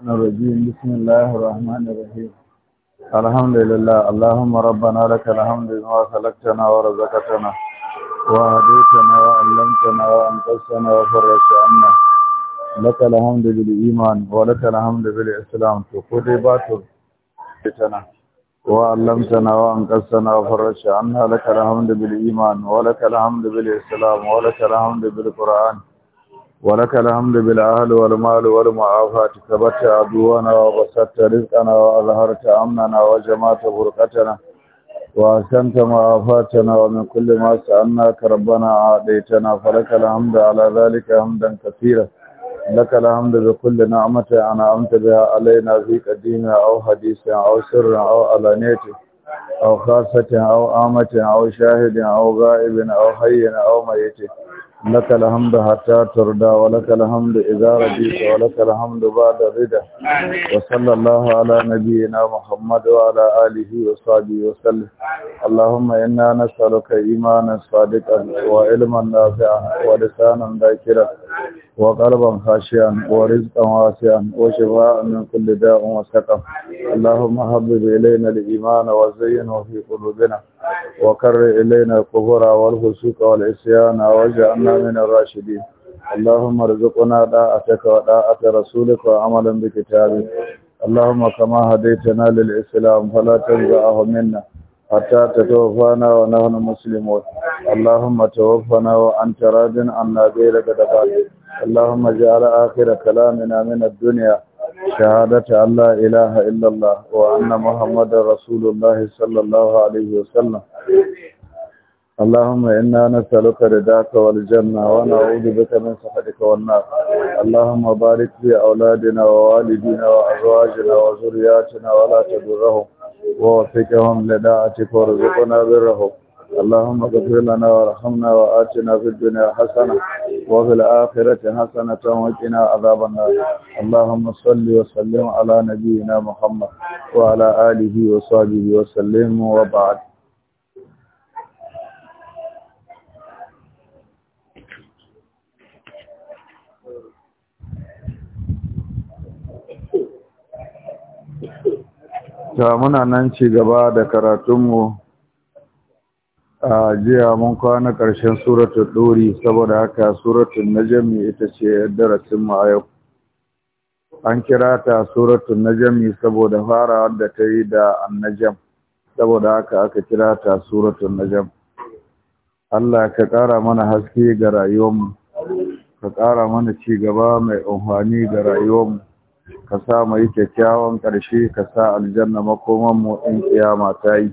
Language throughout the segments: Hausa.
الشيطان الرجيم بسم الله الرحمن الرحيم الحمد لله اللهم ربنا لك الحمد لما خلقتنا ورزقتنا وهديتنا وعلمتنا وأنقذتنا وفرجت عنا لك الحمد بالإيمان ولك الحمد بالإسلام تقولي باتر وعلمتنا وأنقذتنا وفرجت عنا لك الحمد بالإيمان ولك الحمد بالإسلام ولك الحمد بالقرآن ولك الحمد بالأهل والمال والمعافاة ثبت عدونا وبسطت رزقنا وأظهرت أمننا وجمعت فرقتنا وأحسنت معافاتنا ومن كل ما سألناك ربنا عاديتنا فلك الحمد على ذلك حمدا كثيرا لك الحمد بكل نعمة أنعمت بها علينا في قديم أو حديث أو سر أو علانية أو خاصة أو آمة أو شاهد أو غائب أو حي أو ميت لك الحمد حتى ترضى ولك الحمد إذا رضيت ولك الحمد بعد الرضا وصلى الله على نبينا محمد وعلى آله وصحبه وسلم اللهم إنا نسألك إيمانا صادقا وعلما نافعا ولسانا ذاكرا وقلبا خاشعا ورزقا واسعا وشفاء من كل داء وسقم اللهم حبب إلينا الإيمان وزينه في قلوبنا وكر إلينا الكفر والفسوق والعصيان واجعلنا من الراشدين اللهم ارزقنا طاعتك وطاعة رسولك وعملا بكتابك اللهم كما هديتنا للإسلام فلا تنزعه منا حتى تتوفانا ونحن مسلمون اللهم توفنا وأنت راض عنا غيرك دفعتك اللهم اجعل آخر كلامنا من الدنيا شهادة أن لا إله إلا الله وأن محمد رسول الله صلى الله عليه وسلم اللهم إنا نسألك رداك والجنة ونعوذ بك من سخطك والنار اللهم بارك في أولادنا ووالدينا وأزواجنا وذرياتنا ولا تضرهم ووفقهم لداعتك وارزقنا برهم اللهم اغفر لنا وارحمنا وآتنا في الدنيا حسنه وفي الاخره حسنه وقنا عذاب النار اللهم صل وسلم على نبينا محمد وعلى اله وصحبه وسلم وبعد ta muna nan ci gaba da karatunmu a jiya mun kwana ƙarshen suratun ɗori saboda haka suratul najami ita ce darasin mu a yau an kira ta suratul najami saboda fara da ta yi da annajam saboda haka aka kira ta suratul najam Allah ka ƙara mana haske ga rayuwarmu ka ƙara mana ci gaba mai amfani ga rayuwarmu ka sa mai kyakkyawan ƙarshe ka sa aljanna makomanmu in kiyama ta yi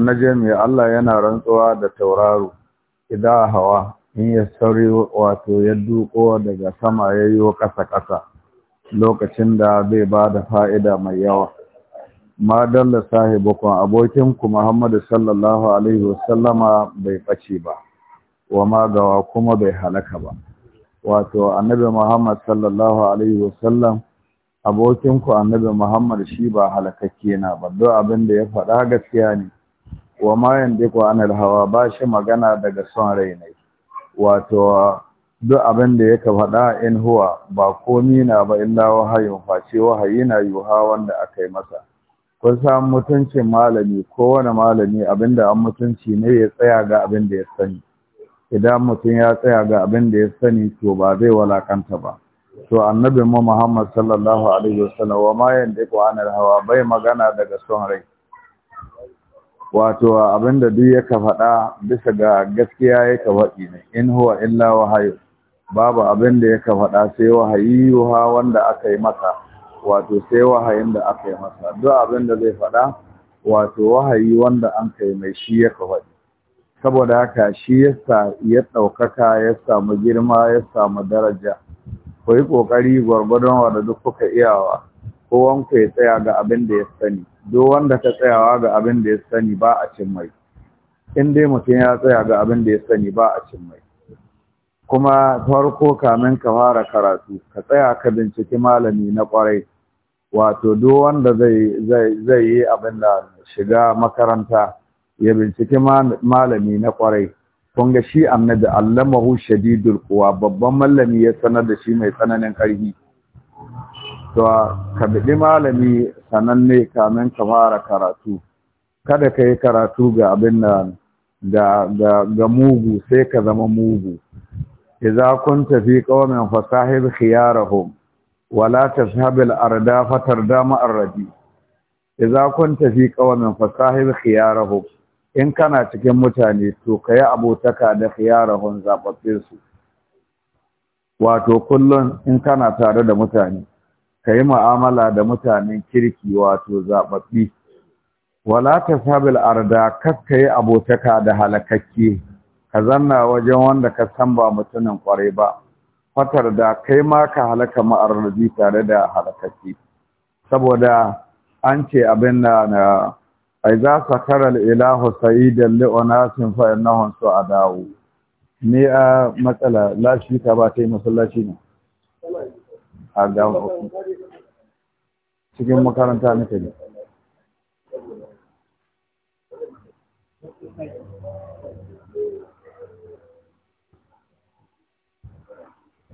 mai Allah yana rantsuwa da tauraro idan hawa in ya sauri wato ya duko daga sama ya yi ƙasa-ƙasa lokacin da zai ba da fa'ida mai yawa ma dalla sahibukun abokinku muhammadu sallallahu alaihi wasallama bai ɓace ba wa magawa kuma bai halaka ba wato annabi muhammad sallallahu alaihi wasallam abokinku annabi muhammad shi ba halakakke na ba duk abin da ya faɗa gaskiya ne wa ma yandiku anil hawa ba shi magana daga son rai ne wato duk abin da yake faɗa in huwa ba komi na ba illa wahayin face wahayi na yuha wanda aka yi masa kun san mutuncin malami kowane malami abinda an mutunci ne ya tsaya ga abin ya sani idan mutum ya tsaya ga abinda ya sani to ba zai walakanta ba to annabi mu Muhammad sallallahu alaihi wasallam wa ma yandiku anil hawa bai magana daga son rai wato abinda duk yaka faɗa bisa ga gaskiya yaka faɗi ne in huwa illa wahayu babu abinda yaka faɗa sai wahayi ha wanda aka yi masa wato sai wahayin da aka yi masa duk abinda zai faɗa wato wahayi wanda an kai mai shi yaka faɗi saboda haka shi yasa ya ɗaukaka ya samu girma ya samu daraja ku yi ƙoƙari gwargwadon wa da duk kuka iyawa kowanku ya tsaya ga abin da ya sani duk wanda ka tsayawa ga abin da ya sani ba a cin mai in dai mutum ya tsaya ga abin da ya sani ba a cin mai kuma farko kamin ka fara karatu ka tsaya ka binciki malami na kwarai wato duk wanda zai yi abin da shiga makaranta ya binciki malami na kwarai kun ga shi annabi allamahu shadidul quwa babban mallami ya sanar da shi mai tsananin karfi to ka biɗi malami sananne kamin ka fara karatu kada ka yi karatu ga abin da ga ga ga mugu sai ka zama mugu idza kunta fi qawmin sahib khiyarahum wala tashhab al arda fatarda ma ardi idza kunta fi qawmin sahib khiyarahum in kana cikin mutane to kayi abotaka da khiyarahum zababbe su wato kullun in kana tare da mutane ka yi mu'amala da mutanen kirki wato zaɓaɓɓi wala ta sabil arda kakka yi abotaka da halakakke ka zanna wajen wanda ka san ba mutumin kwarai ba fatar da kai ma ka halaka ma'arnazi tare da halakakke saboda an ce abin na na ai za su karal ilahu sa'idan li'onasin fa a dawo. ni a ah, matsala lashi ka ba ta yi masallaci ne a cikin makaranta na ne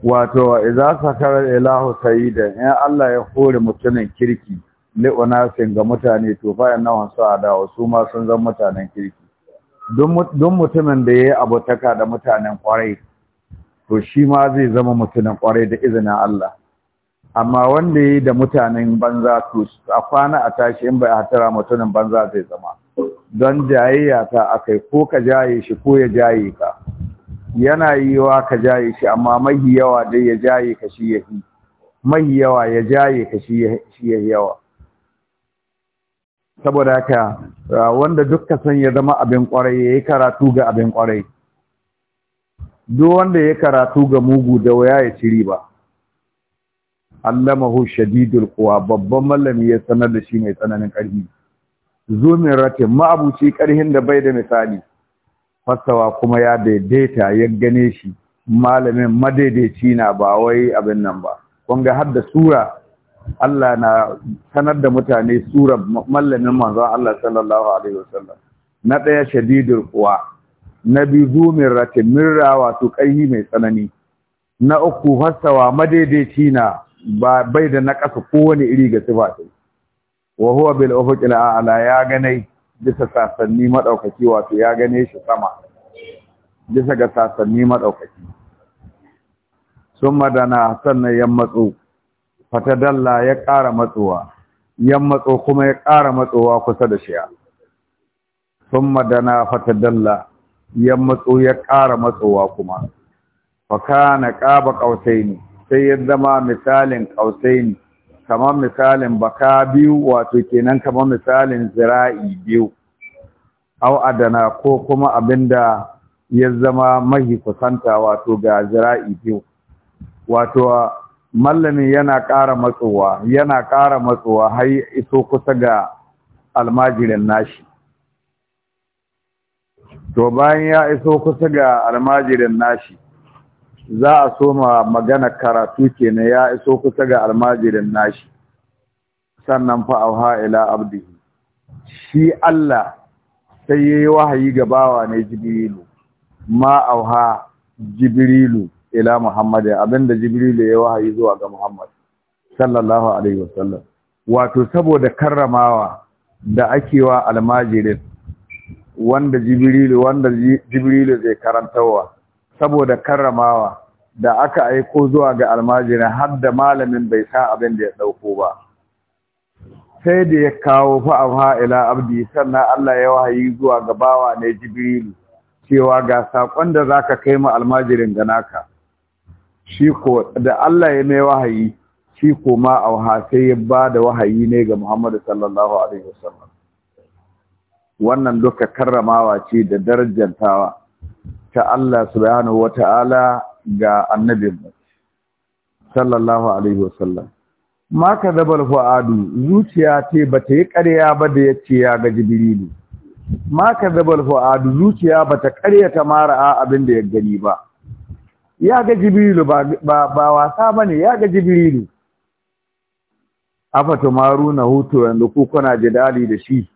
wato idza sakara ilahu sayyidan in Allah ya hore mutumin kirki nasin ga mutane to fa yana su adawa su ma sun zama mutanen kirki duk mutumin da yayi abotaka da mutanen kwarai to shi ma zai zama mutumin kwarai da izinin Allah amma wanda ya yi da mutanen banza to a kwana a tashi in bai hatara mutumin banza zai zama don jayayya ta akai ko ka jaye shi ko ya jaye ka yana yiwa ka jaye shi amma mahi yawa dai ya jaye ka shi ya yi mahi yawa ya jaye ka shi ya yawa saboda haka wanda dukka san ya zama abin kwarai ya yi karatu ga abin kwarai duk wanda ya karatu ga mugu da waya ya ci riba allamahu shadidul quwa babban mallami ya sanar da shi mai tsananin ƙarfi zumin ratin ma'abuci ƙarhin da bai da misali fasawa kuma ya daidaita ya gane shi malamin madaidaici na ba wai abin nan ba kun ga har da sura Allah na sanar da mutane sura mallamin manzo Allah sallallahu alaihi wasallam na ɗaya shadidul quwa na biyu zumin ratin mirra wato ƙarhi mai tsanani na uku fasawa madaidaici na ba bai da nakasa kowane iri ga sifa sai wa huwa bil ufuqil a'la ya ganai bisa sasanni madaukaki wato ya gane shi sama bisa ga sasanni madaukaki summa dana sannan ya matso fatadalla ya ƙara matsowa ya matso kuma ya ƙara matsowa kusa da shiya summa dana fatadalla ya matso ya ƙara matsowa kuma fa kana qaba qautaini sai ya zama misalin ne, kamar misalin baka biyu wato kenan kamar misalin zira'i biyu au adana ko kuma abin da ya zama mahi kusanta wato ga zira'i biyu wato mallami yana ƙara matsowa yana ƙara matsowa har iso kusa ga almajirin nashi to bayan ya iso kusa ga almajirin nashi za a soma magana karatu kenan ya iso kusa ga almajirin nashi sannan fa auha ila abdi shi Allah sai yayi wahayi ga bawa ne jibrilu ma auha jibrilu ila muhammad abinda jibrilu yi wahayi zuwa ga muhammad sallallahu alaihi wasallam wato saboda karramawa da ake wa almajirin wanda jibrilu wanda jibrilu zai karantarwa. saboda karramawa da aka aiko zuwa ga almajirin har da malamin bai sa abin da ya ɗauko ba sai da ya kawo fa'afa ila abdi sannan Allah ya wahayi zuwa ga bawa ne jibrilu cewa ga sakon da zaka kai ma almajirin ga naka shi ko da Allah ya mai wahayi shi ko ma auha sai ya ba da wahayi ne ga Muhammadu sallallahu alaihi wasallam wannan duka karramawa ce da darajantawa ta Allah subhanahu wata'ala ga annabinmu sallallahu alaihi wasallam ma kadabal fuadu zuciya ce bata yi ƙarya ba da yace ya ga jibrilu ma kadabal fuadu zuciya bata mara a abin da ya gani ba ya ga jibrilu ba ba wasa bane ya ga jibrilu afatu maruna hutu yanzu ku kuna jidali da shi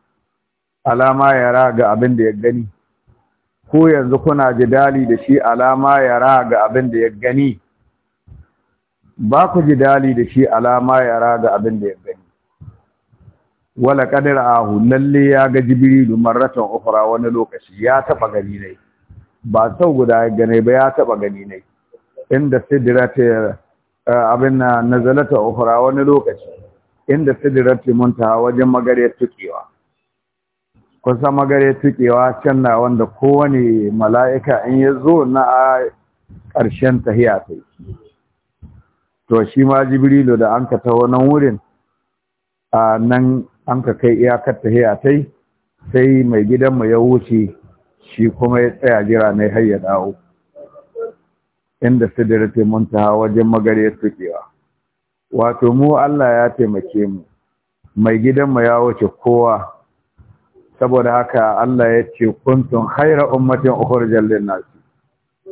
alama yara ga abin da ya gani ko yanzu kuna jidali da shi alama yara ga abin da ya gani ba ku jidali da shi alama yara ga abin da ya gani wala kadir ahu lalle ya ga jibrilu marratan ukhra wani lokaci ya taba gani ne ba sau guda ya gane ba ya taba gani ne inda sidrata eh, abin na nazalata ukhra wani lokaci inda sidrata muntaha wajen magariyar tukewa Kusa magare tukewa can na wanda kowane mala'ika in ya zo na a ƙarshen tahiya ta yi to shi ma jibrilu da an ka taho nan wurin a nan an ka kai iyakar tahiya ta yi sai mai gidanmu ya wuce shi kuma ya tsaya jira na hayya ya dawo inda sidirati muntaha wajen magare tukewa wato mu Allah ya taimake mu mai gidanmu ya wuce kowa saboda haka Allah ya ce kuntun haira ummatin jallin nasi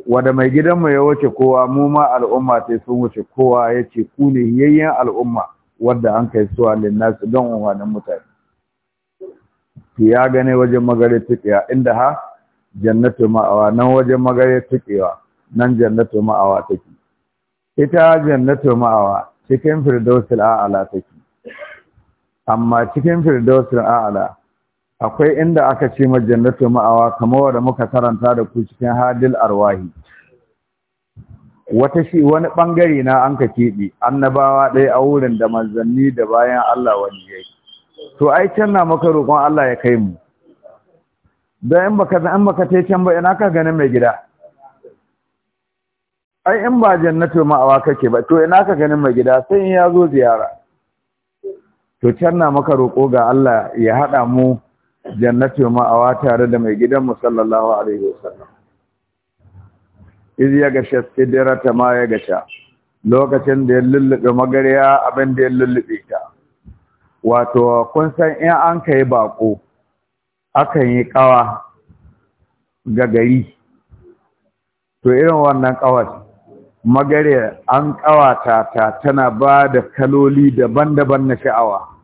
wanda mai gidanmu ya wuce kowa mu ma al'umma sai sun wuce kowa ya ce ku ne yayyen al'umma wanda an kai suwa nasi don umarnin mutane ya gane wajen magare tukiya inda ha jannatu ma'awa nan wajen magare tukiwa nan jannatu ma'awa take ita jannatu ma'awa cikin firdausul a'ala take amma cikin firdausul a'ala akwai inda aka ce ma jannatu ma'awa kamar wanda muka karanta da ku cikin hadil arwahi wata shi wani bangare na an ka kebe annabawa ɗaya a wurin da manzanni da bayan Allah wani yayi to ai can na maka roƙon Allah ya kai mu dan in baka in baka tai can ba ina ka ganin mai gida ai in ba jannatu ma'awa kake ba to ina ka ganin mai gida sai in ya zo ziyara to can na maka roƙo ga Allah ya haɗa mu jannatu awa tare da mai gidan mu sallallahu alaihi wasallam iz ya gasha ta ma ya gasha lokacin da ya lullube magariya abin da ya lullube ta wato kun san in an kai bako akan yi kawa ga gari to irin wannan ƙawar, magariya an kawata ta tana ba da kaloli daban-daban na sha'awa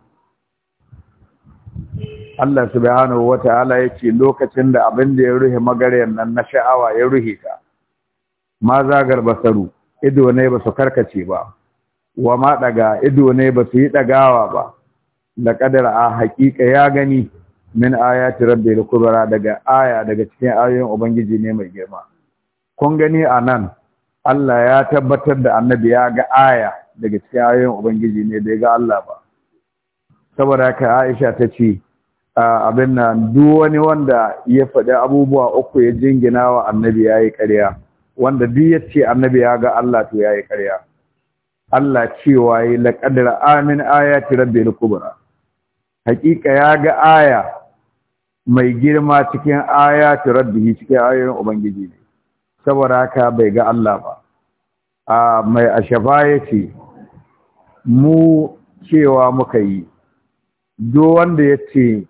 Allah subhanahu ya yace lokacin da abin da ya ruhe magaryan nan na sha'awa ya ruhe ka. ma zagar basaru ido ne ba su karkace ba wa ma daga ido ne ba su yi ɗagawa ba da kadar a hakika ya gani min ayati rabbil kubra daga aya daga cikin ayoyin ubangiji ne mai girma kun gani anan Allah ya tabbatar da annabi ya ga aya daga cikin ayoyin ubangiji ne bai ga Allah ba saboda ka Aisha ta ce abin nan duk wani wanda ya faɗi abubuwa uku ya jingina wa annabi ya yi ƙarya wanda duk ya ce annabi ya ga Allah to ya yi ƙarya Allah cewa ya laƙadar amin ayati rabbil kubra hakika ya ga aya mai girma cikin aya ayati rabbi cikin ayoyin ubangiji ne saboda haka bai ga Allah ba a mai ashafa ce mu cewa muka yi duk wanda ya ce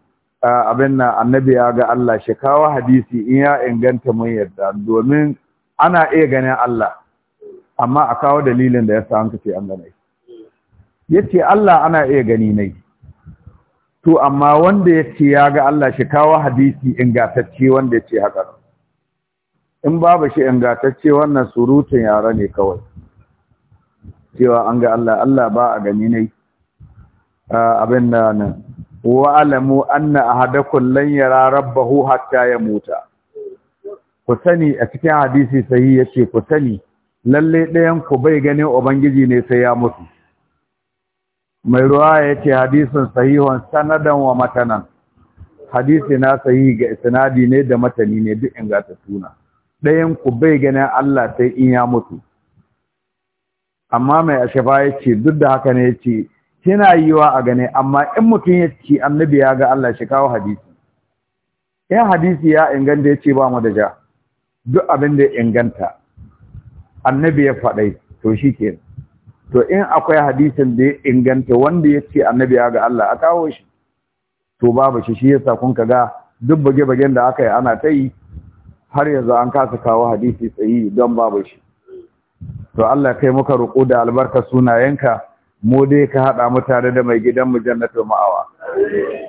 abin nan annabi ya ga Allah shi kawo hadisi in ya inganta mun yarda domin ana iya ganin Allah amma a kawo dalilin da ya sa hanka ce an gane yace Allah ana iya gani nai to amma wanda yace ya ga Allah shi kawo hadisi ingatacce wanda yace haka in babu shi ingantacce wannan surutun yara ne kawai cewa an ga Allah Allah ba a gani nai abin da nan wa alamu anna ahadakum lan yara rabbahu hatta yamuta ku sani a cikin hadisi sahihi yace ku sani lalle ɗayan ku bai ganin ubangiji ne sai ya mutu mai ruwa yace hadisin sahihon sanadan wa matanan hadisi na sahihi ga sinadi ne da matani ne duk in gata suna ɗayan ku bai ganin Allah sai in ya mutu amma mai ashaba yace duk da haka ne yace tana yiwa a gane amma in mutum ya ci annabi ya ga Allah shi kawo hadisi in hadisi ya inganta ya ce ba mu da ja duk abin da ya inganta annabi ya faɗai to shi ke to in akwai hadisin da ya inganta wanda ya ce annabi ya ga Allah a kawo shi to babu shi shi yasa kun ga duk bage-bagen da aka yi ana ta yi har yanzu an kasa kawo hadisi tsayi don babu shi to Allah kai muka roƙo da albarka sunayenka mu dai ka haɗa mu tare da mai gidan mu jannatu ma'awa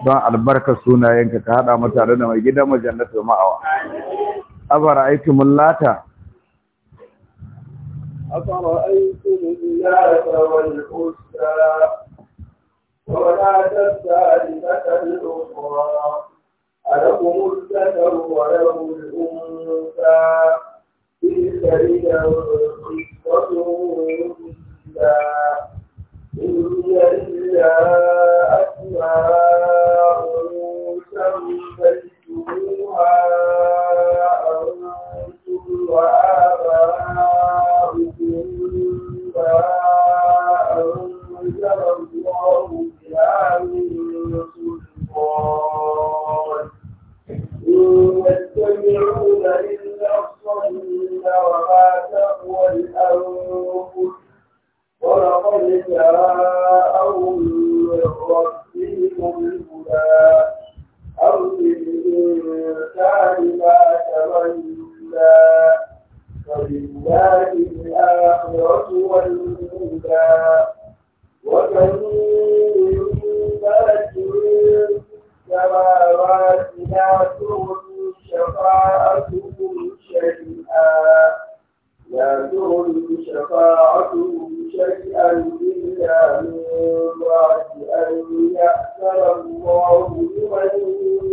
don albarka sunayenka ka haɗa mu tare da mai gidan mu jannatu ma'awa abara aiki mun mullata abara aiki mullata wal usta ولا تستعلمة الأخرى ألكم الذكر وله الأنثى تلك إذا قصة يتبعون إلا الظن وما تهوى الأنفس ولقد جاءهم من ربهم الهدى أو للإنسان ما تمنى فلله الآخرة والأولى وكم من ملك في السماوات لا تغني شيئا لا تغن شفاعتهم شيئا إلا من بعد أن الله لمن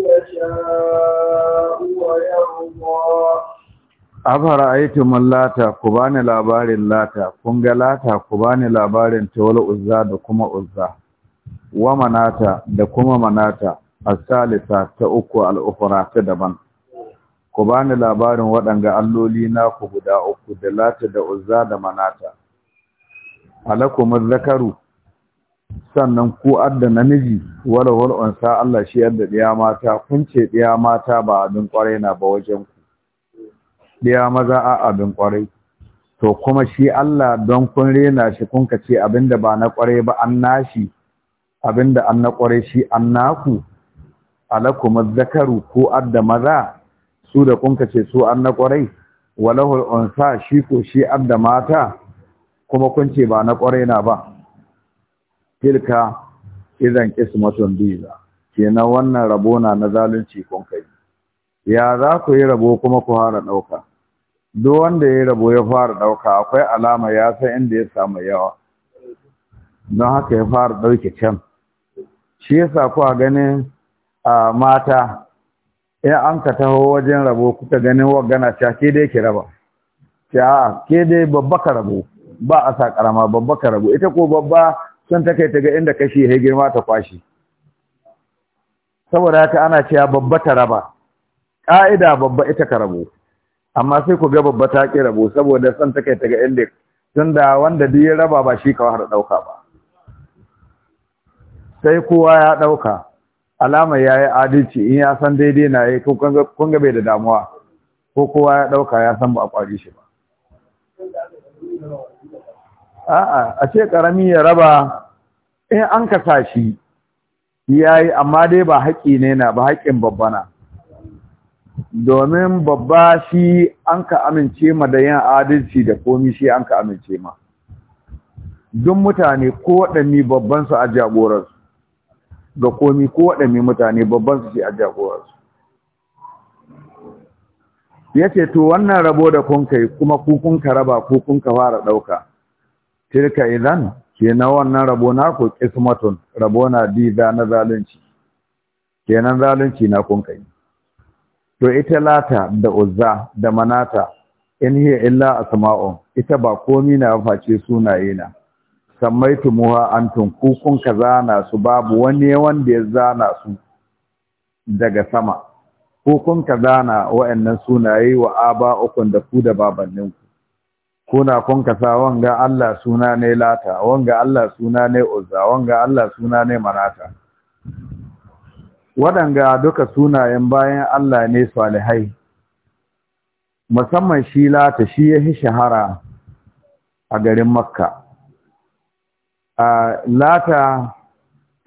يشاء ويرضى Lata, ku bani labarin lata kun ga lata ku bani labarin tawal uzza da kuma uzza wa manata da kuma manata a salisa ta uku al'ukura ta daban ku bani labarin waɗanga alloli naku guda uku da lati da uzza da manata alakumuz zakaru sannan ku adda namiji wala wal unsa Allah shi yadda ɗiya mata kun ce ɗiya mata ba abin kwarai na ba wajen ku Ɗiya maza a abin kwarai to kuma shi Allah don kun rena shi kun ka ce abinda ba na kwarai ba an nashi abinda an na kwarai shi an naku alakumuz zakaru ku adda maza su da kun ce su an na kwarai walahul unsa shi ko shi an da mata kuma kun ce ba na kwarai na ba tilka idan qismatun biza kenan wannan rabo na na zalunci kun kai ya za ku yi rabo kuma ku fara ɗauka duk wanda ya yi rabo ya fara ɗauka akwai alama ya san inda ya samu yawa don haka ya fara ɗauke can shi yasa a ganin a mata in an ka taho wajen rabo kuka ganin wagana cewa ke dai ki raba cewa ke dai babba ka rabo ba a sa karama babba ka rabo ita ko babba sun ta kai ta ga inda kashi ya girma ta kwashi saboda haka ana cewa babba ta raba ka'ida babba ita ka rabo amma sai ku ga babba ta ki rabo saboda sun ta kai ta ga inda tunda wanda duk ya raba ba shi ka har dauka ba sai kowa ya dauka alama ya yi adalci in ya san daidai na ya kun gabe da damuwa ko kowa ya ɗauka ya san ba a ƙwari shi ba a'a a ce ƙarami ya raba in an sa shi ya yi amma dai ba haƙi ne na ba haƙin babbana domin babba shi an ka amince ma da yin adalci da komi shi an ka amince ma duk mutane ko waɗanne babban su a jagoransu ga komi ko waɗanne mutane babban su ce a jagowarsu ya ce to wannan rabo da kun kai kuma kun ka raba ko ka fara ɗauka tilka idan na wannan rabo na ku kismatun rabo na diza na zalunci kenan zalunci na kun kai to ita lata da uzza da manata in hiya illa asma'un ita ba komi na face sunaye na sammaitumuha antum ku kun ka zana su babu wani wanda ya zana su daga sama ku kun ka zana wa'annan sunaye wa Aba ukun da ku da babanninku kuna kun ka sa wanga Allah suna ne lata wanga Allah suna ne uzza wanga Allah suna ne manata waɗanga duka sunayen bayan Allah ne salihai musamman shi lata shi ya shahara a garin makka lata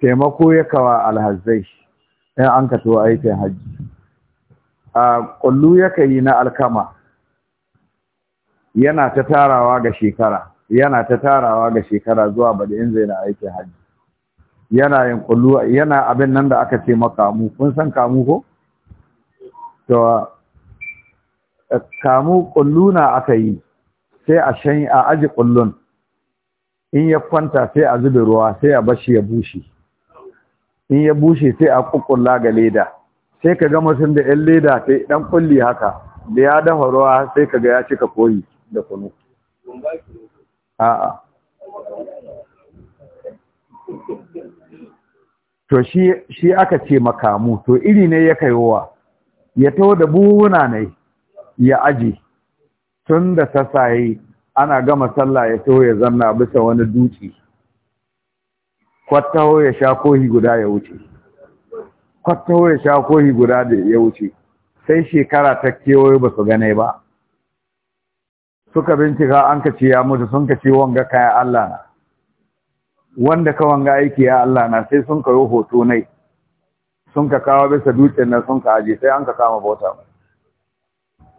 taimako ya kawa alhazzai in an ka to aikin hajji kullu ka yi na alkama yana ta tarawa ga shekara yana ta tarawa ga shekara zuwa bada in zai na aikin hajji yana yin ƙullu yana abin nan da aka ce makamu kun san kamu ko to kamu ƙullu na aka yi sai a shan a aji kullun in ya kwanta sai a zube ruwa sai a bashi ya bushe in ya bushe sai a kukkulla ga leda sai ka gama sun da yan leda sai dan kulli haka da ya dafa ruwa sai ka ga ya cika koyi da kunu a'a to shi aka ce makamu to iri ne ya kaiwa ya taho da buhuna ne ya aji tun da sassaye ana gama sallah ya taho ya zanna bisa wani dutse kwattaho ya sha kohi guda ya wuce kwattaho ya sha kohi guda da ya wuce sai shekara ta kewaye ba su gane ba suka bincika an ka ce ya mutu sun ka ce wanga kaya Allah na wanda ka wanga aiki ya Allah na sai sun ka yi hoto nai sun ka kawo bisa dutsen nan sun ka aje sai an ka kama bauta mai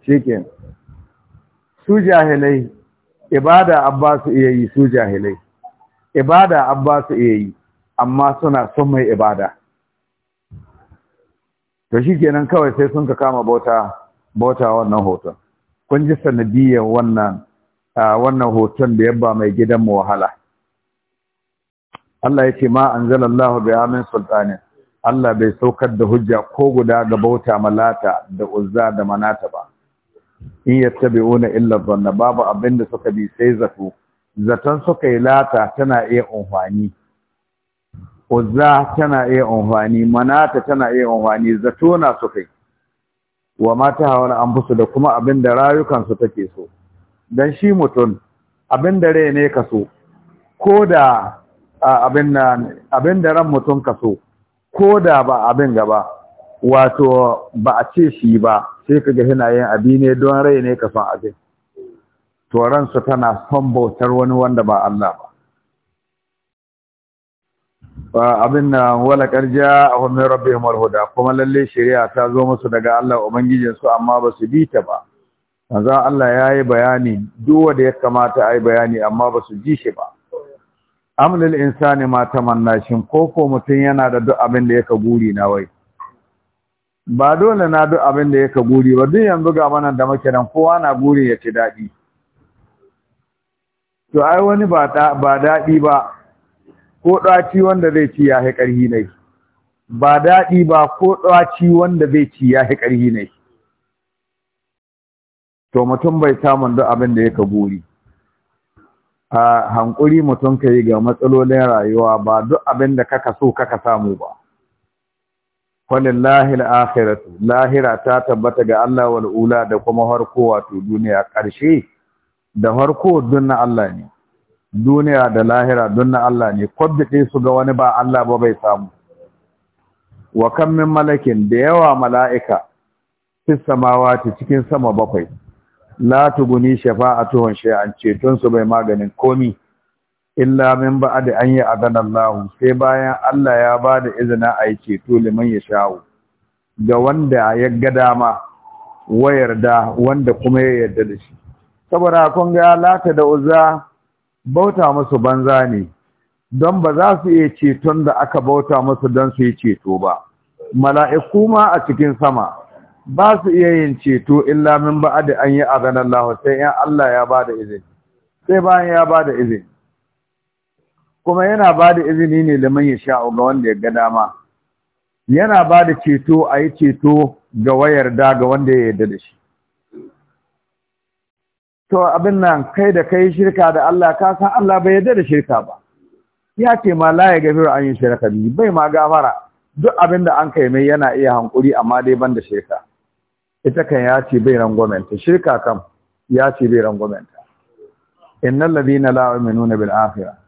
shi su jahilai ibada su iya yi su jahilai ibada su iya yi amma suna son mai ibada to kenan kawai sai sun ka kama bauta bauta wannan hoton kun ji sanadiyar wannan wannan hoton da yabba mai gidan mu wahala Allah ya ce ma anzalallahu bi amin sultani, Allah bai saukar da hujja ko guda ga bauta malata da uzza da manata ba in ona illar zanna babu abinda suka bi sai zato zaton suka yi lata tana iya amfani uzza tana iya amfani manata tana iya amfani zato na suka yi wa mata hawan anfusu da kuma da rayukansu take so dan shi mutum abinda rai ne ka so ko da abin da ran mutum ka so ko da ba abin gaba wato ba a ce shi ba sai ka ga hinayen abi ne don rai ne ka san abin to ransa tana son bautar wani wanda ba Allah ba abin na wala karja a hannun rabbihim huda, kuma lalle shari'a ta zo musu daga Allah ubangijin su amma ba su bi ta ba manzo Allah ya yi bayani duk wanda ya kamata ai bayani amma ba su ji shi ba amlil insani ma tamanna shin koko mutum yana da duk abin da yake guri na wai ba dole na duk abin da yake guri ba duk yanzu ga manan da muke nan kowa na guri ya ci daɗi to ai wani ba daɗi ba ko ɗaci wanda zai ci ya fi karhi ne ba daɗi ba ko ɗaci wanda zai ci ya fi karhi ne to mutum bai samun duk abin da yake guri a hankuri mutum ka yi ga matsalolin rayuwa ba duk abin da kaka so kaka samu ba falillahi al-akhiratu lahira ta tabbata ga Allah wal ula da kuma harko wato duniya ƙarshe. da harko dunna Allah ne duniya da lahira dunna Allah ne daɗe su ga wani ba Allah ba bai samu wa kam min malakin da yawa mala'ika fis samawati cikin sama bakwai la tuguni shafa'atuhum shay'an ceton su bai maganin komi illa min ba'da an yi adana Allah sai bayan Allah ya bada izina a yi ceto liman ya shawo ga wanda ya ga dama wa yarda wanda kuma ya yarda da shi saboda kun ga lata da uzza bauta musu banza ne don ba za su iya ceton da aka bauta musu don su yi ceto ba mala'iku ma a cikin sama ba su iya yin ceto illa min ba'da an yi adana Allah sai in Allah ya bada izini sai bayan ya bada izini kuma yana ba da izini ne da ya sha'o ga wanda ya ga dama yana ba da ceto a yi ceto ga wayar da ga wanda ya yarda da shi to abin nan kai da kai shirka da Allah ka san Allah bai yarda da shirka ba ya ce ma la ya gafiru an yi shirka bi bai ma gafara duk abin da an kai mai yana iya hankuri amma dai ban da shirka ita kan ya ce bai rangwamenta shirka kan ya ce bai rangwamenta innal ladina la yu'minuna bil akhirah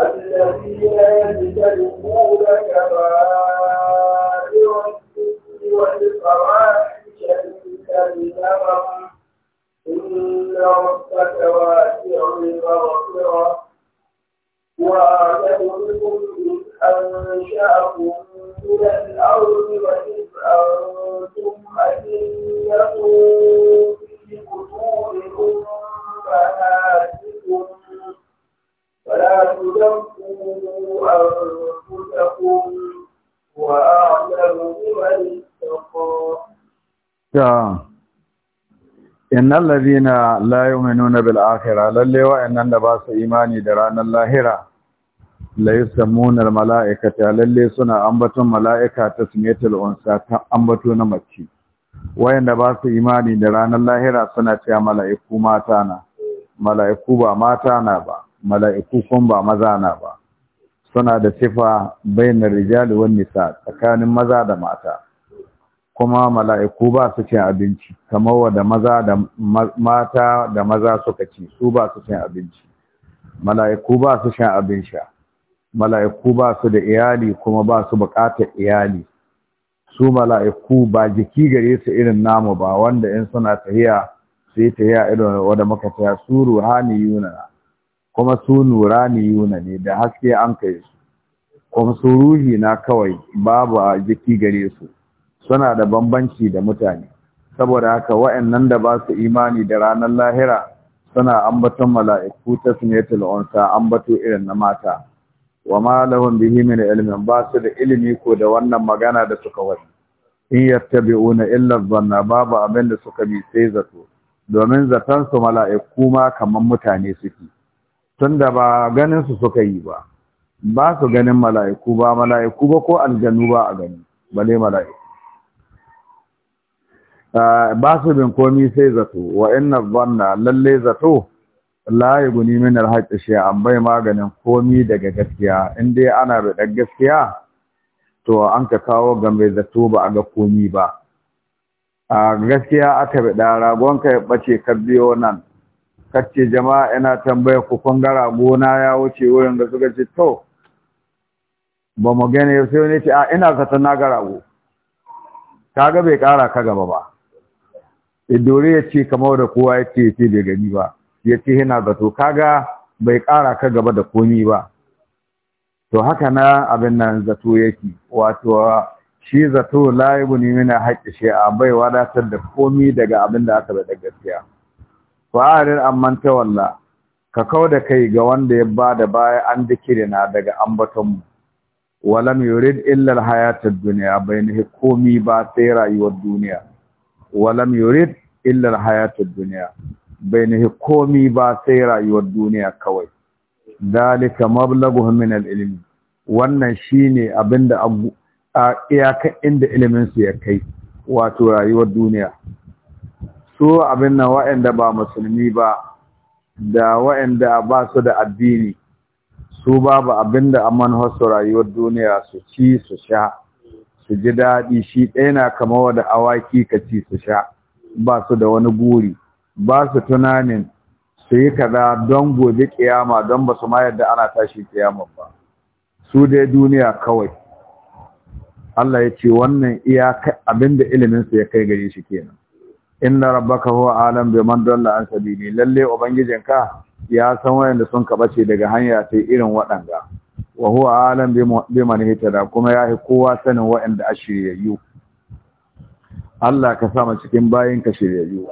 الذين يجتنبون كبائر الإثم والفواحش إلا النمم إن ربك واسع المغفرة وآدم بكم إذ من الأرض وإذ أنتم أدلة في بطون أمهاتكم فلا تزكوا أنفسكم وأعلم بمن اتقى innan labina layu mai nuna bil'akira lalle wa'annan da ba su imani da ranar lahira layu samunar mala'ikata lalle suna ambaton mala'ika ta sumetul unsa ta ambato na mace Wayanda ba su imani da ranar lahira suna cewa mala'iku mata mala'iku ba mata na ba mala'iku kun ba maza na ba suna da sifa bainar rijali wan nisa tsakanin maza da mata kuma mala'iku ba su cin abinci kamar wada maza da mata da maza suka ci su ba su cin abinci mala'iku ba su shan abinsha mala'iku ba su da iyali kuma ba su buƙatar iyali su mala'iku ba jiki gare su irin namu ba wanda in suna tahiya sai yi tahiya irin wanda muka tahiya su ruhani yuna kuma su yuna ne da haske an kai su kuma su ruhi na kawai babu a jiki gare su suna da bambanci da mutane saboda haka wa'annan da ba su imani da ranar lahira suna ambaton mala'iku ta sunyatul unsa ambato irin na mata wa ma lahum bihi min ilmin ba su da ilimi ko da wannan magana da suka wani in yattabi'una illa dhanna babu abin da suka bi sai zato domin zaton su mala'iku ma kaman mutane suke tunda ba ganin su suka yi ba ba su ganin mala'iku ba mala'iku ba ko aljanu ba a gani bale mala'iku ah, ba su bin komi sai zato wa inna zanna lalle zato la yaguni min alhaq an bai maganin komi daga gaskiya in dai ana da gaskiya to an ka kawo ga mai zato ba a ga komi ba a ah, gaskiya aka bi da ragon ka bace ka biyo nan kace jama'a ina tambaya ku kun gara gona ya wuce wurin da suka ce to ba mu gane sai wani ce a ina zaton na gara go kaga bai kara ka gaba ba idore ya ce kamar da kowa ya ce ce bai gani ba ya ce yana zato kaga bai ƙara ka gaba da komi ba to haka na abin nan zato yake wato shi zato layi ne mina haƙƙi a bai wadatar da komi daga abin da aka bada gaskiya fa'arir amman walla ka kauda kai ga wanda ya bada baya an na daga ambaton mu walam yurid illa alhayatad dunya baynihi komi ba sai rayuwar duniya walam yurid illa alhayatad dunya baynihi komi ba sai rayuwar duniya kawai dalika mablaghuhum min alilm wannan shine abinda abu a inda ilimin su ya kai wato rayuwar duniya su abin nan wa'anda ba musulmi ba da wa'anda ba su da addini su babu abin da amman hasu rayuwar duniya su ci su sha su ji daɗi shi ɗaya na kama wa da awaki ka ci su sha ba su da wani guri ba su tunanin su yi kaza don gobe kiyama don ba su ma yadda ana tashi kiyama ba su dai duniya kawai Allah ya ce wannan iya abinda iliminsu ya kai gare shi kenan inna rabbaka huwa alam bi man dalla an sabili lalle ubangijinka ya san wayanda sun kabace daga hanya sai irin waɗanga wa huwa alam bi man hitada kuma yahi kowa sanin wayanda ashiriyayyu Allah ka sa mu cikin bayin ka shiryayyu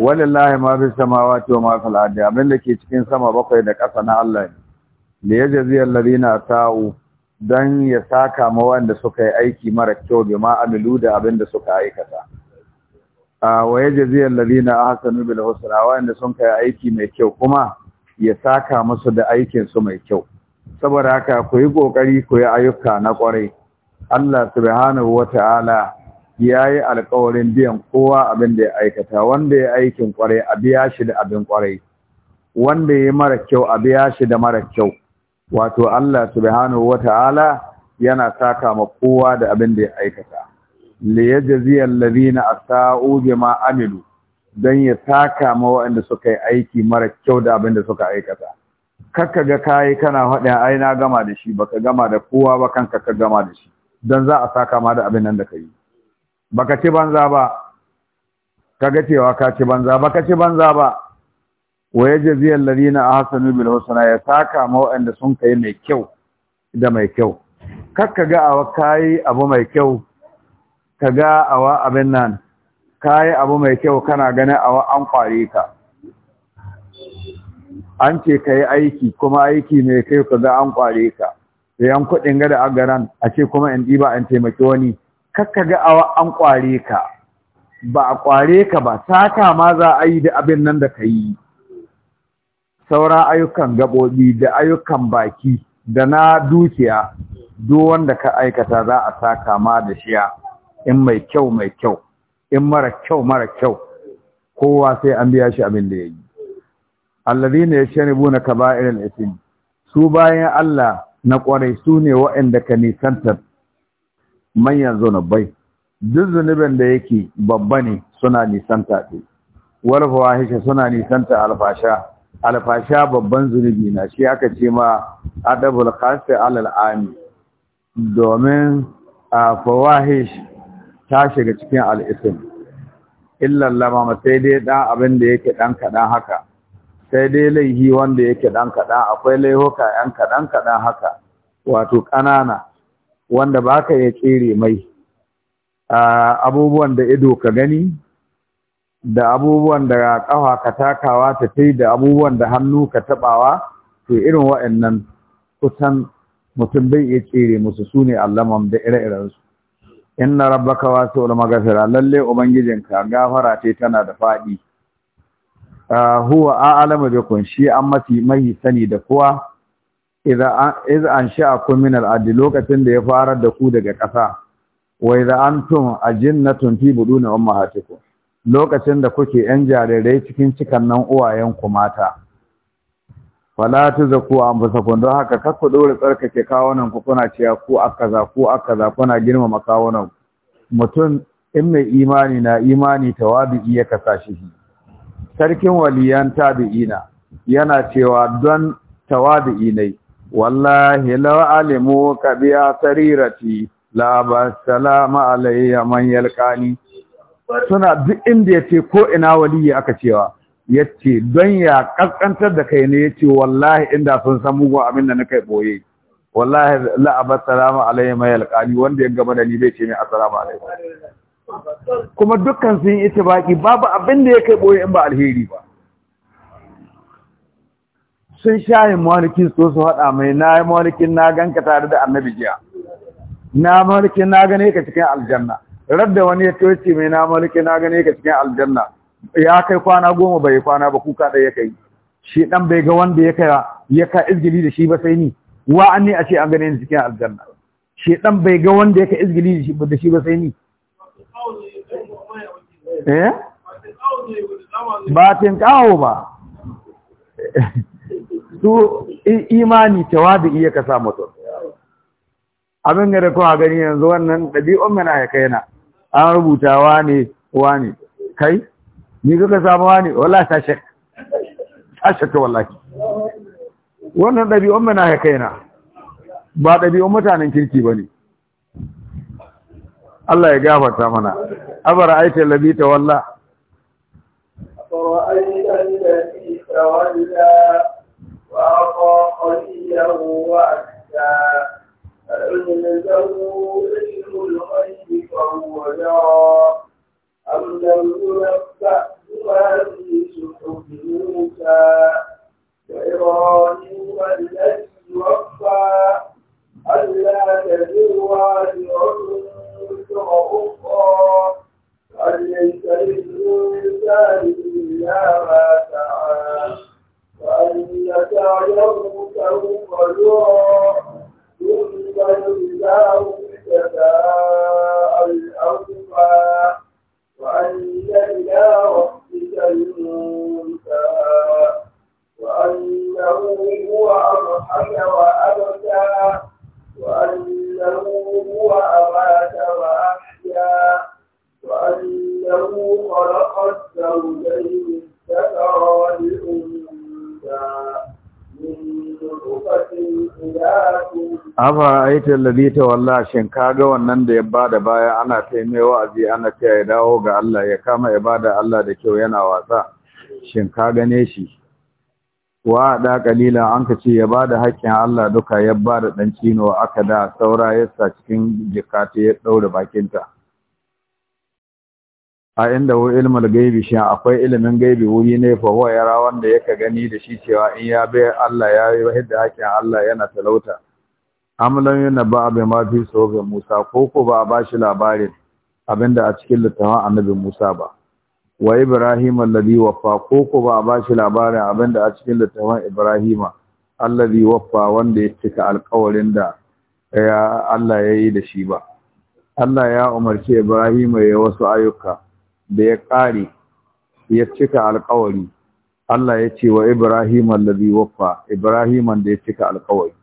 wallahi ma fi samawati wa ma fil ardi abin da ke cikin sama bakwai da ƙasa na Allah ne li yajzi alladhina ta'u dan ya saka ma wanda suka yi aiki mara kyau bi ma da abin da suka aikata wa yajzi alladhina ahsanu bil husna inda sun kai aiki mai kyau kuma ya saka musu da aikin su mai kyau saboda haka ku yi kokari ku yi ayyuka na kwarai Allah subhanahu wataala ya yi alkawarin biyan kowa abin da ya aikata wanda ya aikin kwarai a biya shi da abin kwarai wanda ya mara kyau a biya shi da mara kyau wato Allah subhanahu wata'ala yana saka ma kowa da abin da ya aikata liyajziyal ladina asa'u bima amilu dan ya taka ma wanda suka yi aiki mara kyau da abin da suka aikata kakka ga kayi kana faɗin ai na gama da shi baka gama da kowa ba kanka ka gama da shi dan za a saka ma da abin nan da kai baka ci banza ba kaga cewa ka ci banza baka ci banza ba wa yajziyal ladina ahsanu bil husna ya saka ma wanda sun kai mai kyau da mai kyau kakka ga a kayi abu mai kyau ka ga awa abin nan ka yi abu mai kyau kana ganin awa an kware ka an ce ka yi aiki kuma aiki mai kyau ka ga an kware ka da yan kuɗin gada a garan a ce kuma in ɗiba in taimaki wani kakka ga awa an kware ka ba a kware ka ba saka ma za a yi da abin nan da ka yi sauran ayyukan gaɓoɓi da ayyukan baki da na dukiya duk wanda ka aikata za a saka ma da shiya in mai kyau mai kyau in mara kyau mara kyau kowa sai an biya shi abin da ya yi alladhina yashrabuna kaba'ir al-ithm su bayan Allah na kwarai su ne waɗanda ka nisantar manyan zunubai duk zunubin da yake babba ne suna nisanta ɗi wal fawahisha suna nisanta alfasha alfasha babban zunubi na shi aka ce ma adabul khasi alal ami domin a fawahish ta shiga cikin al'isim illan lamama sai dai ɗan abin da yake ɗan kaɗan haka sai dai laihi wanda yake ɗan kaɗan akwai laihuka ‘yan kaɗan kaɗan haka wato ƙanana wanda ba ka iya tsere mai abubuwan da ido ka gani da abubuwan da ƙafa ka takawa ta tai da abubuwan da hannu ka taɓawa to irin waɗannan kusan mutum bai iya tsere musu su ne allaman da ire-irensu inna rabbaka wasi'ul maghfira lalle ubangijinka gafara ce tana da fadi huwa a'lamu bikum shi an mafi mai sani da kowa idza iz ansha'akum min al-ard lokacin da ya fara da ku daga ƙasa wa idza antum ajinnatun fi buduni ummahatikum lokacin da kuke yan jarirai cikin cikan nan uwayenku mata fala ta zaku an sakon don haka ku dore tsarkake kawunan ku kuna ciya ko akaza ko akaza kuna girmama kawunan mutum in mai imani na imani tawabi'i ya kasa shi sarkin waliyan tabi'ina yana cewa don tawabi'i ne wallahi law alimu ka bi asrirati la salama alayya man yalqani suna duk inda yace ko ina waliyi aka cewa Ya ce don ya kaskantar da kai ne yace wallahi inda sun san mugun abin da nakai ɓoye wallahi la'abar salama alayhi mai alƙali wanda ya gaba da ni bai ce a salama alaikum kuma dukkan sun yi baƙi babu abin da kai ɓoye in ba alheri ba sun shayin mawalikin so su haɗa mai na yi mawalikin na ganka tare da annabi jiya na mawalikin na gane ka cikin aljanna radda wani ya toce mai na mawalikin na gane ka cikin aljanna ya kai kwana goma bai kwana ba kuka ɗaya ya kai shi ɗan bai ga wanda ya kaya ya ka izgili da shi ba sai ni wa an ne a ce an gane ni cikin aljanna shi ɗan bai ga wanda ya ka izgili da shi ba sai ni eh ba tin kawo ba su imani tawadi iya ka sa mutum abin da kowa gani yanzu wannan ɗabi'un mana ya kai na an rubutawa ne wa ne kai ni kuka samuwa ne Wala ta shakka ta wallahi wannan dabi'un mana ya kaina ba ɗabi'un mutanen kirki ba ne Allah ya gafarta mana abara aita labi ta walla أم لم ينبأ هو في موسى وإبراهيم الذي وفى ألا تزر وازرة وزر أخرى أن ليس للإنسان إلا ما سعى وأن سعيه سوف يرى ثم يجزاه الجزاء الأوفى وأن إلى ربك المنتهى وأنه هو أضحك وأبكى وأنه هو أمات وأحيا وأنه خلق الزوجين الذكر والأنثى afa aita lalli ta walla shinkaga! wannan da ya bada baya ana taimewa wa'azi ana ce ya dawo ga Allah ya kama ibada Allah da kyau yana wasa shin ka gane shi wa da kalila an ka ce ya bada haƙƙin Allah duka ya bada dan cino aka da saura yasa cikin jikata ya daure bakinta a inda hu ilmul gaibi shi akwai ilimin gaibi wuri ne fa huwa yara wanda yake gani da shi cewa in ya bai Allah ya yi da hakin Allah yana talauta amlan yana ba bai ma fi soga Musa ko ko ba a bashi labarin abinda a cikin littafin annabi Musa ba wa Ibrahim alladhi waffa ko ko ba a bashi labarin abinda a cikin littafin Ibrahima alladhi waffa wanda ya cika alƙawarin da ya Allah ya yi da shi ba Allah ya umarci Ibrahim ya wasu ayyuka da ya ƙare ya cika alƙawari Allah ya ce wa Ibrahim allazi waffa Ibrahiman da ya cika alƙawari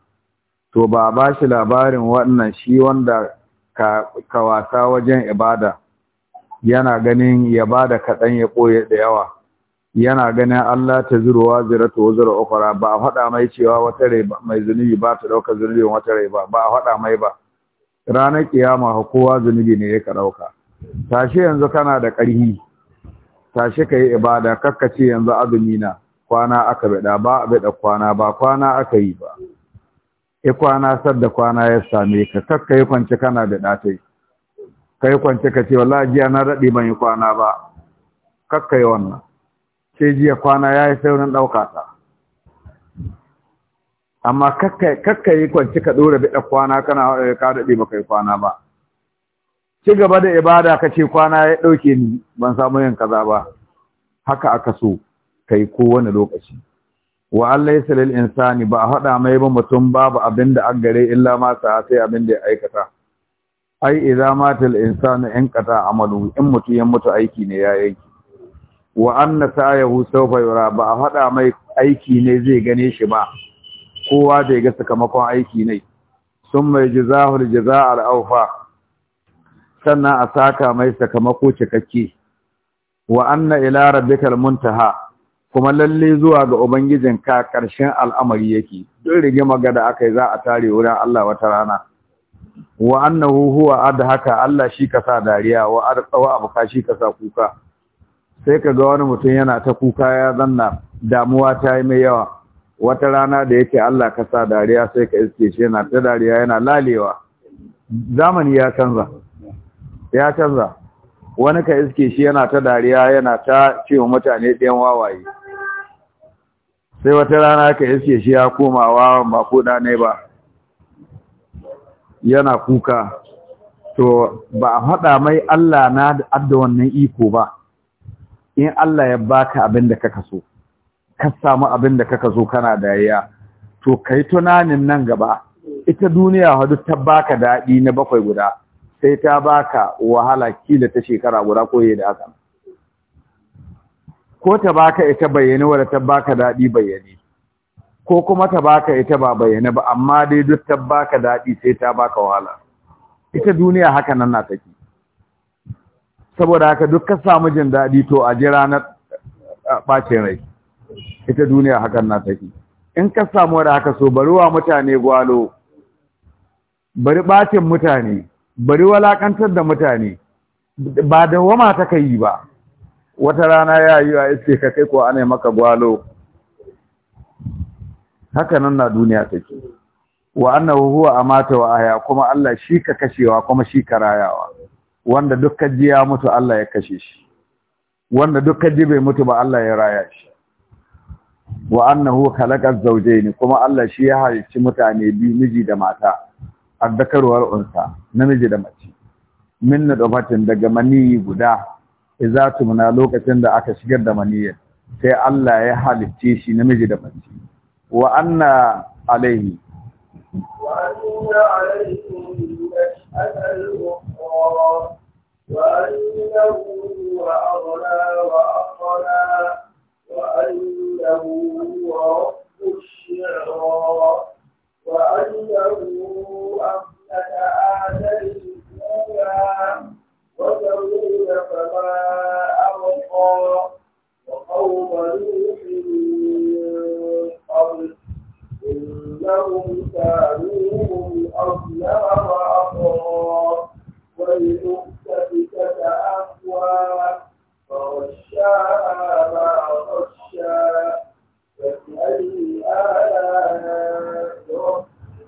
to ba ba shi labarin wannan shi wanda ka, wasa wajen ibada yana ganin ya bada kaɗan ya ɓoye da yawa yana ganin Allah ta zuruwa ziratu wa zuru ba a faɗa mai cewa wata rai mai zunubi ba ta dauka zunubin wata rai ba ba a faɗa mai ba ranar kiyama kowa zunubi ne ya ka ɗauka tashi yanzu kana da ƙarhi tashi ka yi ibada kakkace yanzu azumi na kwana aka bada ba a bada kwana ba kwana aka yi ba e kwana sadda kwana ya same ka kakka kwance kana da datai kai kwance ka ce wallahi jiya na daɗe ban yi kwana ba kakka wannan ce jiya kwana ya yi saurin dauka ta amma kakka yi kwance ka ɗora bada kwana kana eh, ka dade ba kai kwana ba ci gaba da ibada ka ce kwana ya ɗauke ni ban samu yin kaza ba haka aka so kai kowane lokaci wa Allah ya salil insani ba a haɗa mai ba mutum babu abin da an gare illa ma sa sai abin ya aikata ai idza mata al insanu in qata amalu in mutu ya mutu aiki ne ya yanki wa anna sa'ahu sawfa yura ba a haɗa mai aiki ne zai gane shi ba kowa da ya ga sakamakon aiki ne Sun mai al jazaa al awfa sannan a saka mai sakamako cikakke wa anna ila rabbikal muntaha kuma lalle zuwa ga ubangijin ka karshen al'amari yake duk rigima ga da akai za a tare wurin Allah wata rana wa annahu huwa adhaka Allah shi ka sa dariya wa arqawa abuka shi ka sa kuka sai ka ga wani mutum yana ta kuka ya zanna damuwa ta yi mai yawa wata rana da yake Allah ka sa dariya sai ka iske shi yana ta dariya yana lalewa zamani ya canza ya canza wani ka iske shi yana ta dariya yana ta cewa mutane ɗayan wawaye sai wata rana ka iske shi ya koma wawan ba ko ɗanai ba yana kuka to ba a haɗa mai Allah na adda wannan iko ba in Allah ya baka abin da kaka so ka samu abin da kaka so kana dariya to kai tunanin nan gaba ita duniya hadu ta baka daɗi na bakwai guda sai ta baka wahala kila ta shekara guda ko da haka ko ta baka ita bayyane wala ta baka daɗi bayyane ko kuma ta baka ita ba bayyane ba amma dai duk ta baka daɗi sai ta baka wahala ita duniya haka nan na take saboda haka duk ka samu jin daɗi to a jira na bace rai ita duniya hakan na take in ka samu da haka so bari wa mutane gwalo bari bacin mutane bari walakantar da mutane ba da wama ta yi ba wata rana ya yi wa iske ka kai ko ana maka gwalo haka nan na duniya ke wa annahu huwa mata wa aya kuma Allah shi ka kashewa kuma shi ka rayawa wanda duk ji ya mutu Allah ya kashe shi wanda duk ji bai mutu ba Allah ya raya shi wa annahu khalaqa zawjayn kuma Allah shi ya halicci mutane biyu miji da mata addakarwar unsa namiji da mace min nadfatin daga maniyi guda izatu muna lokacin da aka shigar da maniyyar sai Allah ya halicce shi namiji da mace wa anna alaihi wa anna alaihi وأنه هو أغنى وأقنى وأنه هو رب الشعرى وأنه أمسك آدم الأولى وثمود فما أبقى وقوم نوح قبل إنهم كانوا هم أظلم وأطغى والمؤتفكة أهوى فغشاها ما فبأي آلاء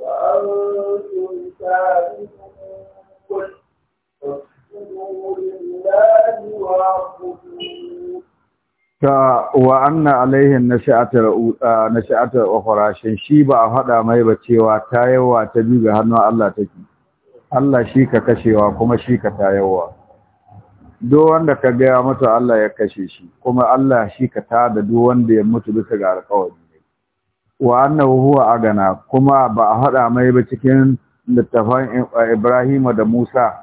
وأنتم سالمون قل فاسجدوا لله واعبدوه ta wa anna na sha'atar shi ba a faɗa mai ba cewa tayawa ta biyu ga hannun Allah take Allah shi ka kashewa kuma shi ka tayawa duk wanda ka gaya mutu Allah ya kashe shi kuma Allah shi ka tada duk wanda ya mutu bisa ga alƙawari wa annahu huwa agana kuma ba a hada mai ba cikin littafan Ibrahim da Musa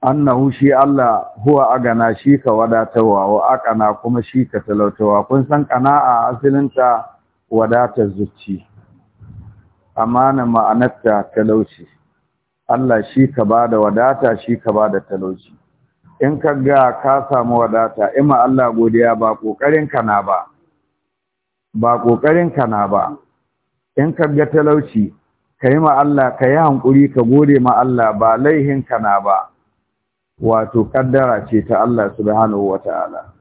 annahu shi Allah huwa agana shi ka wadatawa wa akana kuma shi ka talautawa kun san kana'a asalinta wadatar zuci amana ma'anarta talauci Allah shi ka bada wadata shi ka bada talauci in ka ga ka samu wadata ima Allah godiya ba kokarin ka na ba ba ƙoƙarin ka na ba in ka ga talauci ka yi ma Allah ka yi hankuri ka gode ma Allah ba laihin ka na ba wato kaddara ce ta Allah hannu wata'ala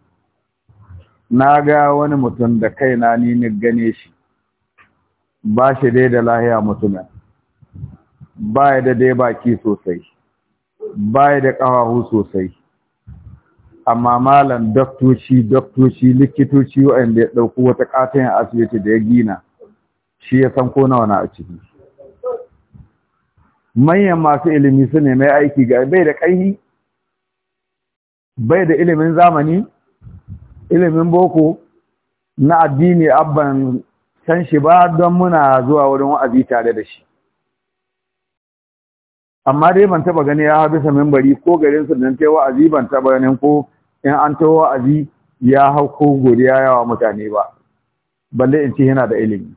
na ga wani mutum da kaina ni ni gane shi ba shi dai da lahiya mutumin ba ya da dai baki sosai ba ya da ƙawahu sosai amma malam daktoci daktoci likitoci wa'anda ya ɗauko wata ƙatayen asibiti da ya gina shi ya san ko nawa na a ciki manyan masu ilimi su ne mai aiki ga bai da ƙaihi bai da ilimin zamani ilimin boko na addini abban san shi ba don muna zuwa wurin wa'azi tare da shi amma dai ban taba gani ya bisa membari ko garin su dan tai wa'azi ban taba ganin ko in an ta wa'azi ya hau ko godiya yawa mutane ba balle in ce yana da ilimi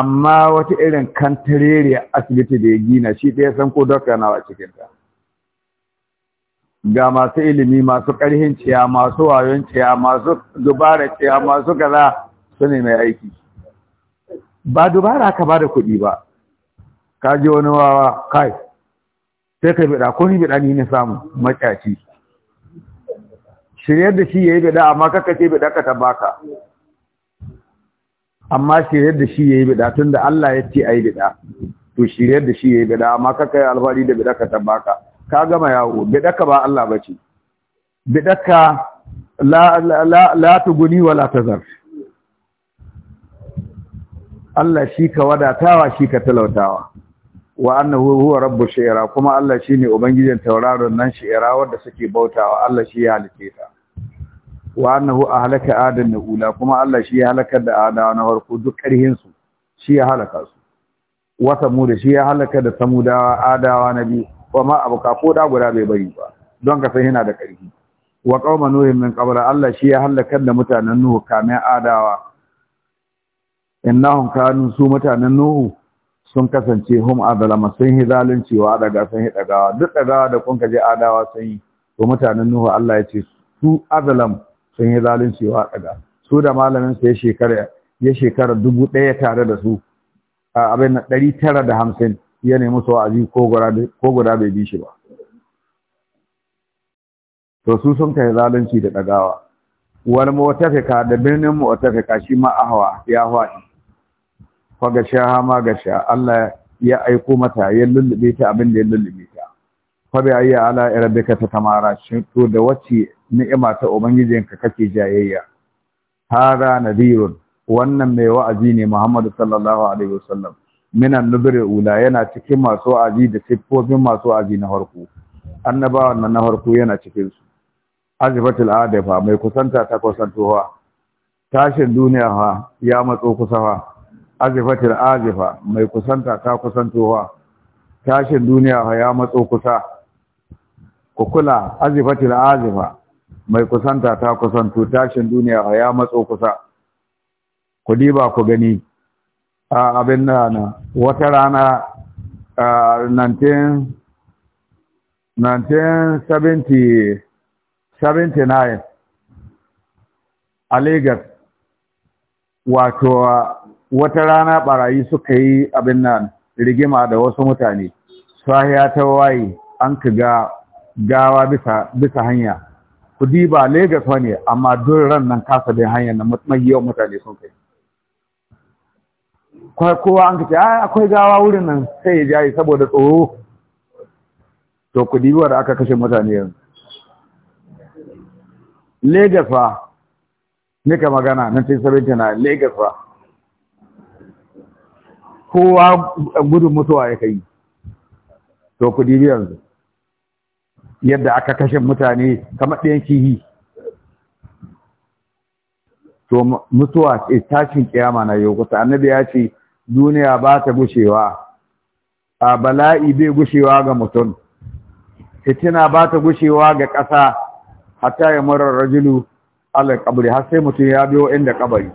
amma wata irin kantarere asibiti da ya gina shi ɗaya san ko dokta na a cikinta ga masu ilimi masu ƙarhin ciya masu wayon ciya masu dubara ciya masu gaza su ne mai aiki ba dubara ka ba da kuɗi ba ka ji wani wawa kai sai ka biɗa ko ni biɗa ni ne samu maƙyaci Shirye da shi yayi bid'a amma kaka ce bid'a ka baka. amma shirye da shi yayi bid'a tunda Allah ya ce ayi bid'a to shirye da shi yayi bid'a amma kaka yi alfari da bid'a ka baka. ka gama yawo bid'a ka ba Allah bace bid'a ka la la la tuguni wala tazar Allah shi ka wadatawa shi ka talautawa wa annahu huwa rabbu shi'ra kuma Allah shine ubangijin tauraron nan shi'ra wanda suke bautawa Allah shi ya halice ta wa annahu ahlaka adan na ula kuma Allah shi ya halakar da adawa na farko duk karhin su shi ya halaka su wa samud shi ya halaka da samudawa adawa na biyu kuma abuka ko da guda bai bari ba don ka san yana da ƙarfi wa qauma nuhin min qabla Allah shi ya halakar da mutanen nuhu kamin adawa innahum kanu su mutanen nuhu sun kasance hum azalama sun yi zalunci wa daga sun yi dagawa duk dagawa da kun kaje adawa sun yi to mutanen nuhu Allah ya ce su azalam sun yi zalunci wa daga su da malamin ya shekara dubu ɗaya tare da su a abin na ɗari tara da hamsin ya nemi su wa'azi ko guda bai bi shi ba to su sun kai zalunci da ɗagawa wani mu'tafika da birnin mu'tafika shi ma ahwa ya hwaɗi fagasha ma gasha Allah ya aiko mata ya lullube ta abin da ya lullube fa bi ayyi ala rabbika tatamara shin to da wace ni'ima ta ubangijinka kake jayayya hada nadirun wannan mai wa'azi ne Muhammadu sallallahu alaihi wasallam minan nubri ula yana cikin masu wa'azi da sifofin masu wa'azi na harku annabawan nan na harku yana cikin su azifatul adafa mai kusanta ta kusantowa tashin duniya ha ya matso kusawa azifatul azifa mai kusanta ta kusantowa tashin duniya ha ya matso kusa ku kula azifatil azifa mai kusanta ta kusantu tashin duniya ya matso kusa ku diba ku gani a abin na wata rana 1979 a Legas wato wata rana barayi suka yi abin nan rigima da wasu mutane sahiya ta waye an kiga gawa bisa hanya ku diba Lagos ne amma duk nan kasa bin hanyar na mahiyar mutane sun kai kowa an kace a akwai gawa wurin nan sai ya jayi saboda tsoro to ku diba da aka kashe mutane yanzu Lagos fa nika magana nan sai sabin tana Lagos fa kowa gudun mutuwa ya kai to ku dibi yanzu yadda aka kashe mutane kamar ɗayan kihi to mutuwa ce tashin kiyama na yau kusa annabi ya ce duniya ba ta gushewa a bala'i bai gushewa ga mutum fitina ba ta gushewa ga ƙasa hatta ya murar rajulu kabari har sai mutum ya biyo inda kabari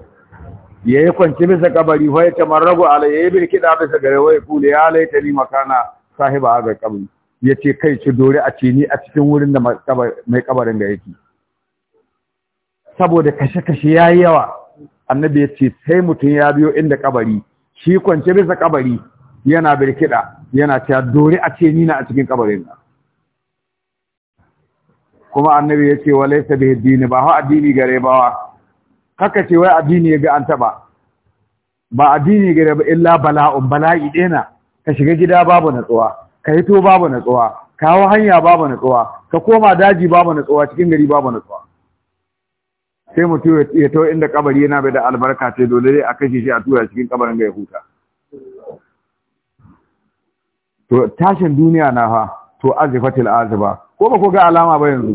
ya yi kwanci bisa kabari wai ta marrago ala ya yi birkiɗa bisa gare wai kule ya laita ni makana sahiba ga kabari ya ce kai ci dore a ce ni a cikin wurin da mai kabarin da yake saboda kashe-kashe ya yi yawa annabi ya ce sai mutum ya biyo inda kabari shi kwance bisa kabari yana birkiɗa yana cewa dore a ce ni na a cikin kabarin da. kuma annabi ya ce walai sabi addini ba hau addini gare wa haka ce wai addini ya ga an taba ba addini gare ba illa bala'un bala'i ɗena ka shiga gida babu natsuwa ka to babu natsuwa kawo hanya babu natsuwa ka koma daji babu natsuwa cikin gari babu natsuwa sai mutum ya to inda kabari yana bai da albarka sai dole dai a kashe shi a tura cikin kabarin da ya huta to tashin duniya na ha to azifatil aziba ko ba ko ga alama ba yanzu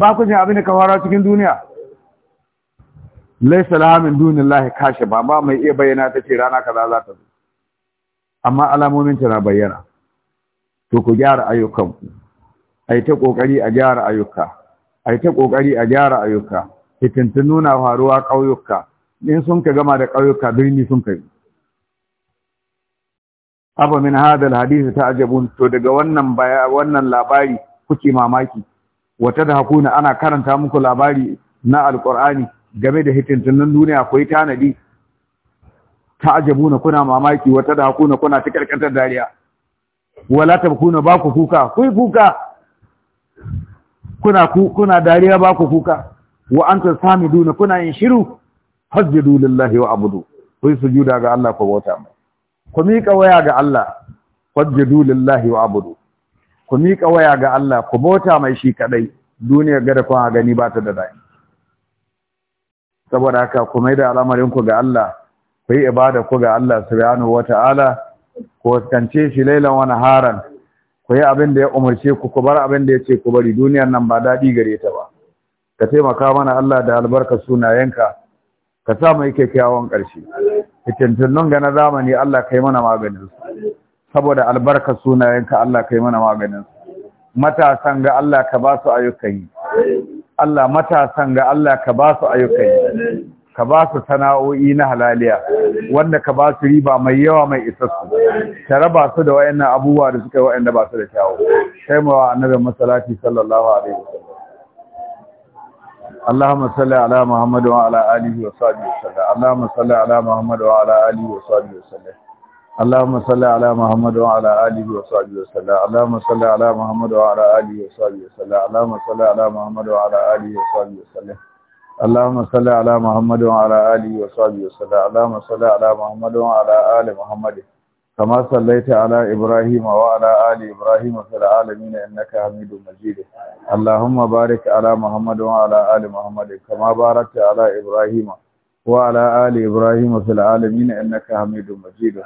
ba ku jin abin da ka fara cikin duniya laisa laha min dunillahi kashifa ba mai iya bayyana ta ce rana kaza za ta zo amma alamomin ta na bayyana to ku gyara ayyukanku ai ta kokari a gyara ayyuka ai ta kokari a gyara ayyuka fitintun nuna faruwa ƙauyuka in sun ka gama da ƙauyuka birni sun yi abu min hadal hadisi ta ajabun to daga wannan wannan labari kuke mamaki wata da hakuna ana karanta muku labari na alqur'ani game da hitintunan duniya akwai tanadi ta ajabuna kuna mamaki wata da hakuna kuna ta karkatar dariya wala kuna ba ku kuka ku kuka kuna kuna dariya ba ku kuka wa anta samiduna kuna yin shiru fasjudu lillahi wa abudu ku sujuda ga Allah ku bauta mai ku miƙa waya ga Allah fasjudu lillahi wa abudu ku miƙa waya ga Allah ku bauta mai shi kadai duniyar gada kun gani ba ta da dai saboda haka ku mai da al'amarin ku ga Allah ku yi ibada ku ga Allah subhanahu wata'ala ku waskance shi lailan wani haran ku yi abin da ya umarce ku ku bar abin da ya ce ku bari duniyar nan ba daɗi gare ta ba ka taimaka mana Allah da albarka sunayenka ka sa mai kyakkyawan ƙarshe fitintunnun ga na zamani Allah kai mana maganin saboda albarka sunayenka Allah kai mana maganin matasan ga Allah ka ba su ayyukan yi Allah matasan ga Allah ka ba su ayyukan yi ka ba su sana'o'i na halaliya wanda ka ba su riba mai yawa mai isassu ka raba su da wayannan abubuwa da suka yi wayanda ba su da kyawu kai mawa annabi sallallahu alaihi wasallam Allahumma salli ala Muhammad wa ala alihi wa sahbihi صل Allahumma salli ala Muhammad wa ala alihi wa sahbihi محمد Allahumma salli ala Muhammad wa ala alihi wa sahbihi Allahumma salli ala Muhammad wa ala alihi wa sahbihi اللهم صل على محمد وعلى آله وصحبه وسلم اللهم صل على محمد وعلى آل محمد كما صليت على إبراهيم وعلى آل إبراهيم في العالمين إنك حميد مجيد اللهم بارك على محمد وعلى آل محمد كما باركت على إبراهيم وعلى آل إبراهيم في العالمين إنك حميد مجيد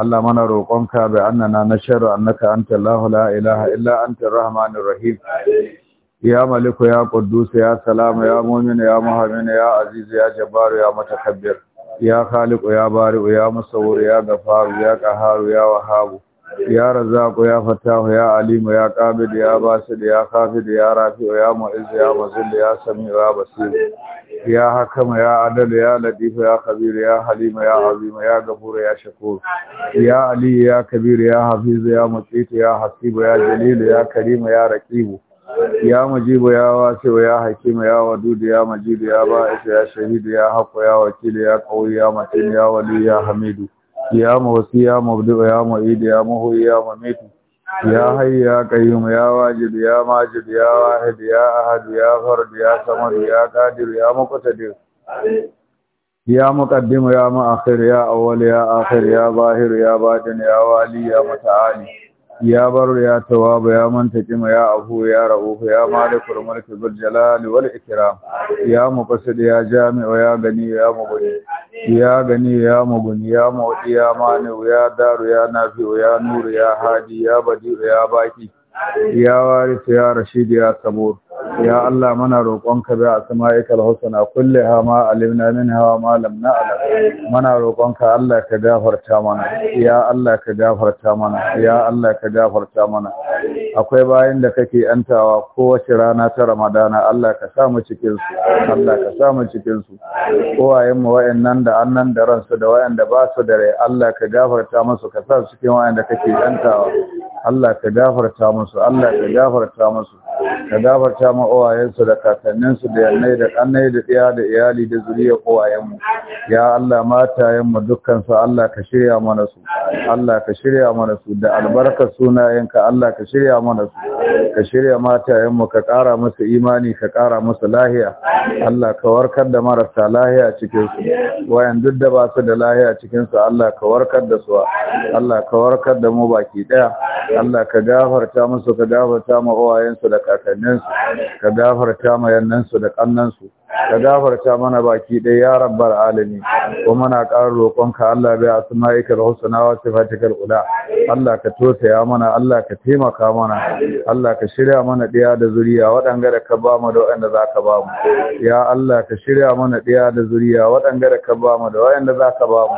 اللهم أنا روقنك بأننا نشهد أنك أنت الله لا إله إلا أنت الرحمن الرحيم ya maliku ya quddus ya salamu ya mu'minu ya muhamminu ya azizu ya jabbaru ya mutakabbir ya khaliqu ya bari'u ya musawwir ya ghafaru ya qaharu ya wahabu ya razaqu ya fatahu ya alimu ya qabid ya basid ya khafid ya rafi'u ya mu'izz ya muzil ya sami'u ya basir ya hakama ya adal ya latif ya khabir ya halim ya azim ya ghafur ya shakur ya ali ya kabir ya hafiz ya muqit ya hasib ya jalil ya karim ya raqib يا مجيب يا واسع يا حكيم يا ودود يا مجيد يا بائس يا شهيد يا حق يا وكيل يا قوي يا متين يا ولي يا حميد يا موسي يا مبدئ يا معيد يا مهو يا مميت يا حي يا قيوم يا واجد يا ماجد يا واحد يا احد يا فرد يا صمد يا قادر يا مقتدر يا مقدم يا مؤخر يا اول يا اخر يا ظاهر يا باطن يا والي يا متعالي ya bar ya tawaba ya manta kima ya abu ya rahu ya malikul mulki bil jalal wal ikram ya mufassid ya jami'a ya gani ya mubin ya gani ya mubin ya mu'ti ya mani ya daru ya nafi ya nuru ya hadi ya badi ya baki ya warisu ya rashidu ya sabur ya Allah mana roƙonka bi asma'ikal husna kulliha ma alimna minha wa ma lam na'lam Mana roƙonka Allah ka gafarta mana ya Allah ka gafarta mana ya Allah ka gafarta mana akwai bayan da kake antawa kowace rana ta ramadana Allah ka sa mu cikin su Allah ka sa mu cikin su kowayen mu wayannan da annan da ransu da wayanda ba su da rai Allah ka gafarta musu ka sa su cikin wayanda kake antawa Allah ka gafarta musu Allah ka gafarta musu ka gafarta ma uwayensu da kakanninsu da yannai da kannai da tsaya da iyali da zuriyar uwayenmu ya Allah matayenmu dukkan su Allah ka shirya mana su Allah ka shirya mana su da albarkar sunayenka Allah ka shirya mana su ka shirya matayenmu ka ƙara musu imani ka ƙara musu lahiya Allah ka warkar da marasa lahiya cikin su wayan duk da ba su da lahiya cikin su Allah ka warkar da su Allah ka warkar da mu baki daya Allah ka gafarta musu ka gafarta ma uwayensu da kakanninsu ka gafarta ma yannansu da kannansu ka gafarta mana baki ɗaya ya rabbar alamin ko muna ƙara roƙonka Allah bai asma'ika al-husna wa sifatikal ula Allah ka ya mana Allah ka taimaka mana Allah ka shirya mana ɗaya da zuriya waɗanga da ka ba mu da waɗanda za ka ba mu ya Allah ka shirya mana ɗaya da zuriya waɗanga da ka ba mu da waɗanda za ka ba mu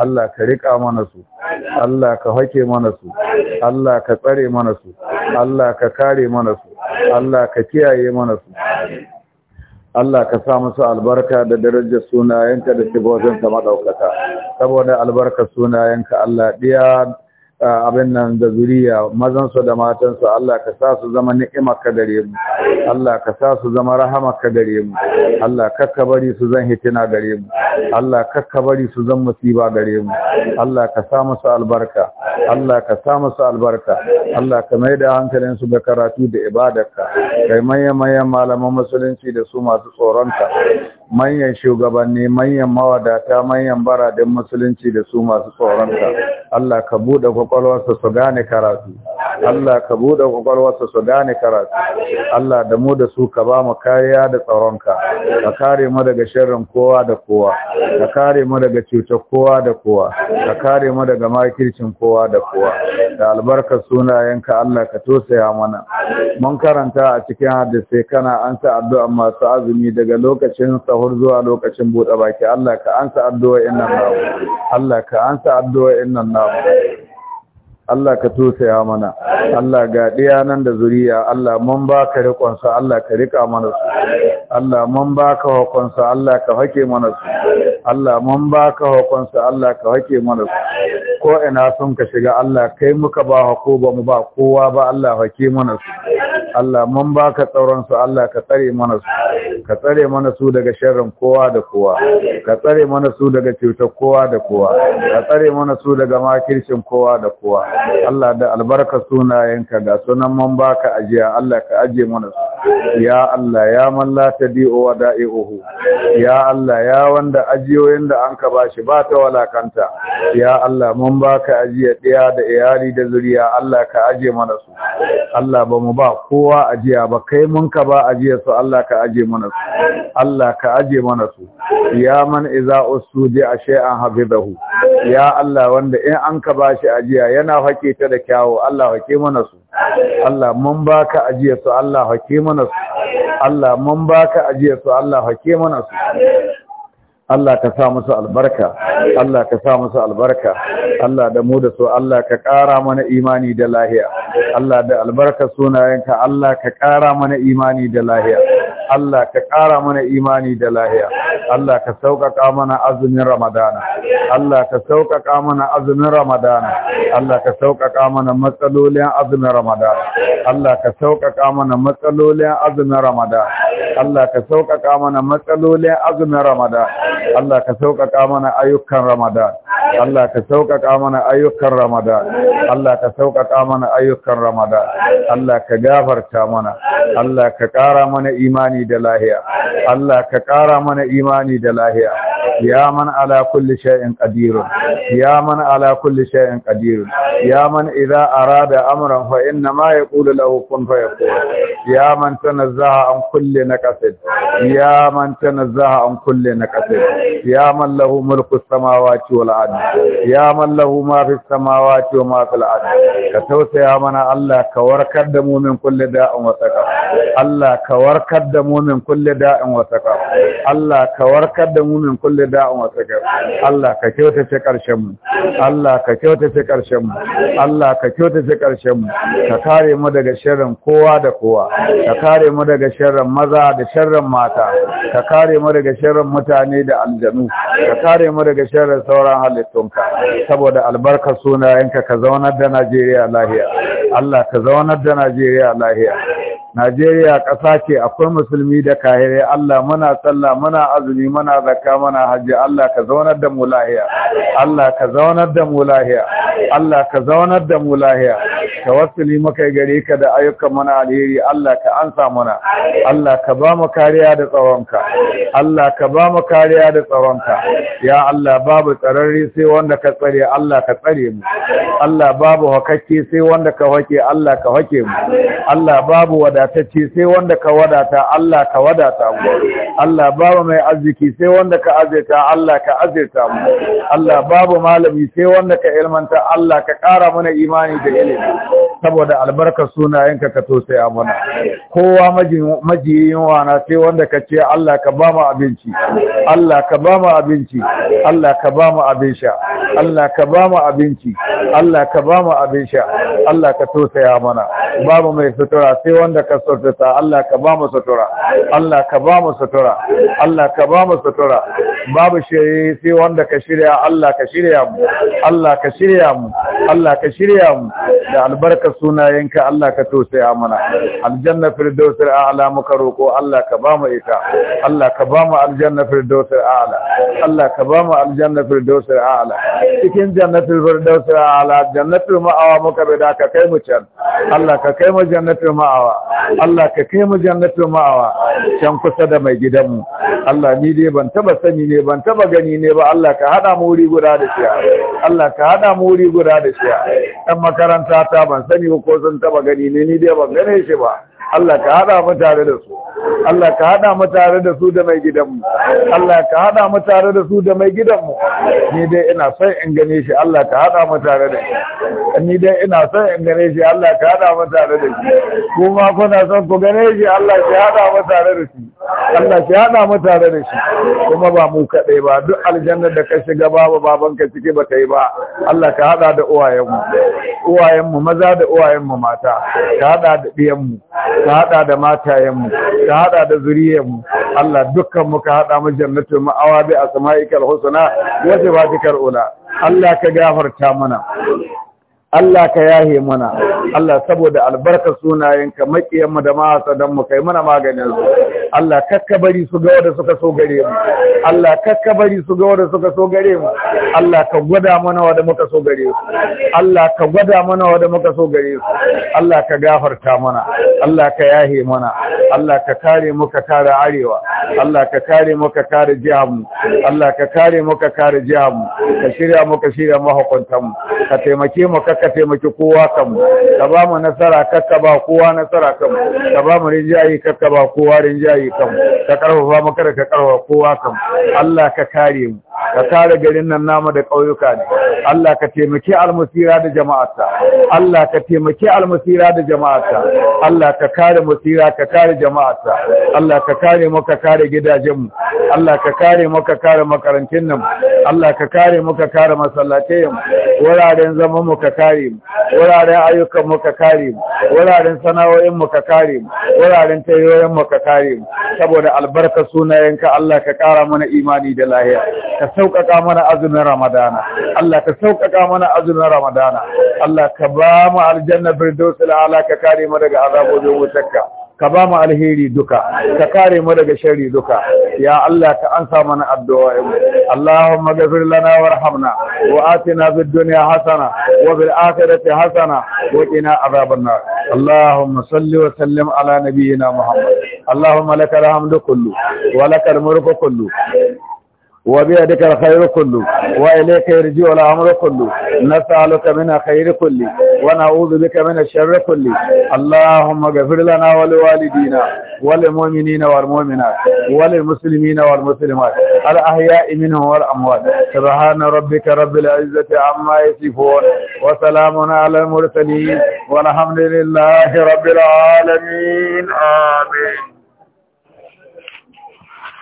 Allah ka riƙa mana su Allah ka hake mana su Allah ka tsare mana su Allah ka kare mana su Allah ka kiyaye mana su Allah ka sa musu albarka da darajar sunayenka da shigozinka maɗaukaka saboda albarkar sunayenka Allah ɗiya abin nan da zuriya mazansu da matansu Allah ka sa su zama ka gare mu Allah ka sa su zama rahama ka gare mu Allah kakka bari su zan hitina gare mu Allah kakka bari su zan musiba gare mu Allah ka sa musu albarka Allah ka sa musu albarka Allah ka mai da hankalin su ga karatu da Ka kai manyan manyan malaman musulunci da su masu tsoronka manyan shugabanni manyan mawadata manyan baradin musulunci da su masu tsoronka Allah ka bude kwakwalwarsa su gane karatu Allah ka buɗe kwakwalwarsa su gane karatu Allah da mu da su ka ba mu kariya da tsaronka ka kare mu daga sharrin kowa da kowa ka kare mu daga cutar kowa da kowa ka kare mu daga makircin kowa da kowa da albarkar sunayenka Allah ka tosaya mana mun karanta a cikin hadisi kana an sa addu'a masu azumi daga lokacin sahur zuwa lokacin buɗe baki Allah ka an sa addu'a innan namu Allah ka an sa addu'a innan namu Allah ka tosaya mana Allah ga ɗaya nan da zuriya Allah mun baka riƙonsa Allah ka riƙa mana su Allah mun baka hukunsa. Allah ka hake mana su Allah mun baka hukunsa. Allah ka hake mana su ko ina sun ka shiga Allah kai muka ba hako ba mu ba kowa ba Allah hake mana su Allah mun baka tsauran su Allah ka tsare mana su ka tsare mana su daga sharrin kowa da kowa ka tsare mana su daga cutar kowa da kowa ka tsare mana su daga makircin kowa da kowa Allah da albarka sunayenka ga sunan man baka ajiya Allah ka aje mana su ya Allah ya man la tadi'u wa da'i'uhu ya Allah ya wanda ajiyoyin da anka bashi ba ta walakanta ya Allah mun baka ajiya ɗaya da iyali da zuriya Allah ka aje mana su Allah ba mu ba kowa ajiya ba kai mun ka ba ajiya su Allah ka aje mana su Allah ka aje mana su ya man iza usudi a shay'an habibahu ya Allah wanda in an ka bashi ajiya yana hake ta da kyawo Allah hake mana su Allah mun baka ajiyar su Allah hake mana su Allah mun baka ajiyar su Allah hake mana su Allah ka sa musu albarka Allah ka sa musu albarka Allah da mu da su Allah ka ƙara mana imani da lahiya Allah da albarka sunayenka Allah ka ƙara mana imani da lahiya Allah ka ƙara mana imani da lahiya Allah ka sauƙaƙa mana azumin Ramadana Allah ka sauƙaƙa mana azumin Ramadana Allah ka sauƙaƙa mana matsalolin azumin Ramadana Allah ka sauƙaƙa mana matsalolin azumin Ramadan Allah ka sauƙaƙa mana matsalolin azumin Ramadan Allah ka sauƙaƙa mana ayyukan Ramadan Allah ka sauƙaƙa mana ayyukan Ramadan Allah ka sauƙaƙa mana ayyukan Ramadan Allah ka gafarta mana Allah ka ƙara mana imani da lahiya Allah ka ƙara mana imani da lahiya ya man ala kulli shay'in qadir ya man ala kulli shay'in qadir ya man idza arada amran fa inna ma yaqulu يقول له كن فيكون يا من تنزه عن كل نقص يا من تنزه عن كل نقص يا من له ملك السماوات والارض يا من له ما في السماوات وما في الارض كتوسع منا الله كوركر دمو من كل داء وسقم الله كوركر دمو من كل داء وسقم الله كوركر دمو من كل داء وسقم الله كتوسع كرشم الله كتوسع كرشم الله كتوسع كرشم ka kare mu da daga sharrin kowa da kowa ka kare mu daga sharrin maza da sharrin mata ka kare mu daga sharrin mutane da aljanu ka kare mu daga sharrin sauran halittunka saboda albarkar sunayenka ka zaunar da Najeriya lahiya Allah ka zaunar da Najeriya lahiya Najeriya ƙasa ce akwai musulmi da kahire Allah muna sallah muna azumi muna zakka muna haji. Allah ka zaunar da mu lahiya Allah ka zaunar da mu lahiya Allah ka zaunar da mu lahiya tawassuli muka gare ka da ayyukan muna alheri Allah ka ansa muna. Allah ka ba mu kariya da tsawonka. Allah ka ba mu kariya da tsawonka. ya Allah babu tsararri sai wanda ka tsare Allah ka tsare mu Allah babu hakakke sai wanda ka hake Allah ka hake mu Allah babu wada wadatacce sai wanda ka wadata Allah ka wadata mu Allah babu mai arziki sai wanda ka azirta Allah ka azirta mu Allah babu malami sai wanda ka ilmanta Allah ka kara mana imani da ilimi saboda albarkar sunayenka ka tosaya mana kowa majiyin wana sai wanda ka ce Allah ka ba mu abinci Allah ka ba mu abinci Allah ka ba mu abin sha Allah ka ba mu abinci Allah ka ba mu abin sha Allah ka tosaya mana babu mai sutura sai wanda ka sutura Allah ka ba mu sutura Allah ka ba mu sutura Allah ka ba mu sutura babu shirye sai wanda ka shirya Allah ka shirya mu Allah ka shirya mu Allah ka shirya mu da albarkar sunayenka Allah ka tausaya mana aljanna firdausul a'la muka roko Allah ka ba mu ita Allah ka ba mu aljanna firdausul a'la Allah ka ba mu aljanna firdausul a'la cikin jannatul firdausul a'la jannatul ma'awa muka bi da ka kai mu can Allah ka kai mu jannatul ma'awa Allah ka kai mu jannatul ma'awa can kusa da mai gidanmu Allah ni dai ban taba sani ne ban taba gani ne ba Allah ka hada mu wuri guda da shi Allah ka hada mu wuri guda da shi dan makaranta ta ban sani gani ko sun taba gani ne ni dai ban gane shi ba Allah ka haɗa mu tare da su Allah ka haɗa mu tare da su da mai gidanmu Allah ka haɗa mu tare da su da mai gidanmu ni dai ina son in gane shi Allah ka haɗa mu tare da shi ni dai ina son in gane shi Allah ka haɗa mu tare da shi kuma kuna son ku gane shi Allah ki haɗa mu tare da shi Allah ki haɗa mu tare da shi kuma ba mu kaɗai ba duk aljanna da ka shiga babu babanka ciki ba kai yi ba Allah ka haɗa da uwayenmu uwayenmu maza da uwayenmu mata ka haɗa da ɗiyanmu ka haɗa da matayenmu ka haɗa da zuriyarmu Allah dukkan mu ka haɗa mu jannatul ma'awa bi asma'ikal husna wa sifatikal ula Allah ka gafarta mana Allah ka yahe mana Allah saboda albarka sunayenka makiyanmu da don mu kai mana maganin su Allah kakka bari su ga wadda suka so gare mu Allah kakka bari su ga wadda suka so gare mu Allah ka gwada mana wanda muka so gare su Allah ka gwada mana wanda muka so gare su Allah ka gafarta mana Allah ka yahe mana Allah ka kare mu ka kare arewa Allah ka kare mu ka kare jihar mu Allah ka kare mu ka kare jihar mu ka shirya mu ka shirya mahukuntan mu ka taimake mu ka ka taimaki kowa kanmu ka ba mu nasara kakka ba kowa nasara kanmu ka ba mu rinjaye kakka ba kowa rinjaye kanmu ka karfafa mu kada ka karfafa kowa kanmu Allah ka kare mu ka kare garin nan nama da ƙauyuka ne Allah ka taimaki almusira da jama'ata Allah ka taimaki almusira da jama'ata Allah ka kare musira ka kare jama'ata Allah ka kare mu ka kare gidajen mu Allah ka kare mu ka kare makarantun nan Allah ka kare mu ka kare masallatai mu wuraren zaman mu ka kare mu wuraren ayyukan mu ka kare mu wuraren sana'o'in mu ka kare mu wuraren tayoyin mu ka kare mu saboda albarka sunayenka Allah ka kara mana imani da lahiya ka sauƙaƙa mana azumin ramadana Allah ka sauƙaƙa mana azumin ramadana Allah ka ba mu aljanna firdausul ala ka kare mu daga azabobin wutarka ka ba mu alheri duka ka kare mu daga shari duka ya Allah ka ansa mana mu? Allahumma ghfir lana warhamna wa atina fid dunya hasana wa fil akhirati hasana wa qina adhaban nar Allahumma salli wa sallim ala nabiyyina Muhammad Allahumma lakal hamdu kullu wa lakal mulku kullu وبيدك الخير كله وإليك يرجع الأمر كله نسألك من خير كله ونعوذ بك من الشر كله اللهم اغفر لنا ولوالدينا وللمؤمنين والمؤمنات وللمسلمين والمسلمات الأحياء منهم والأموات سبحان ربك رب العزة عما يصفون وسلام على المرسلين والحمد لله رب العالمين آمين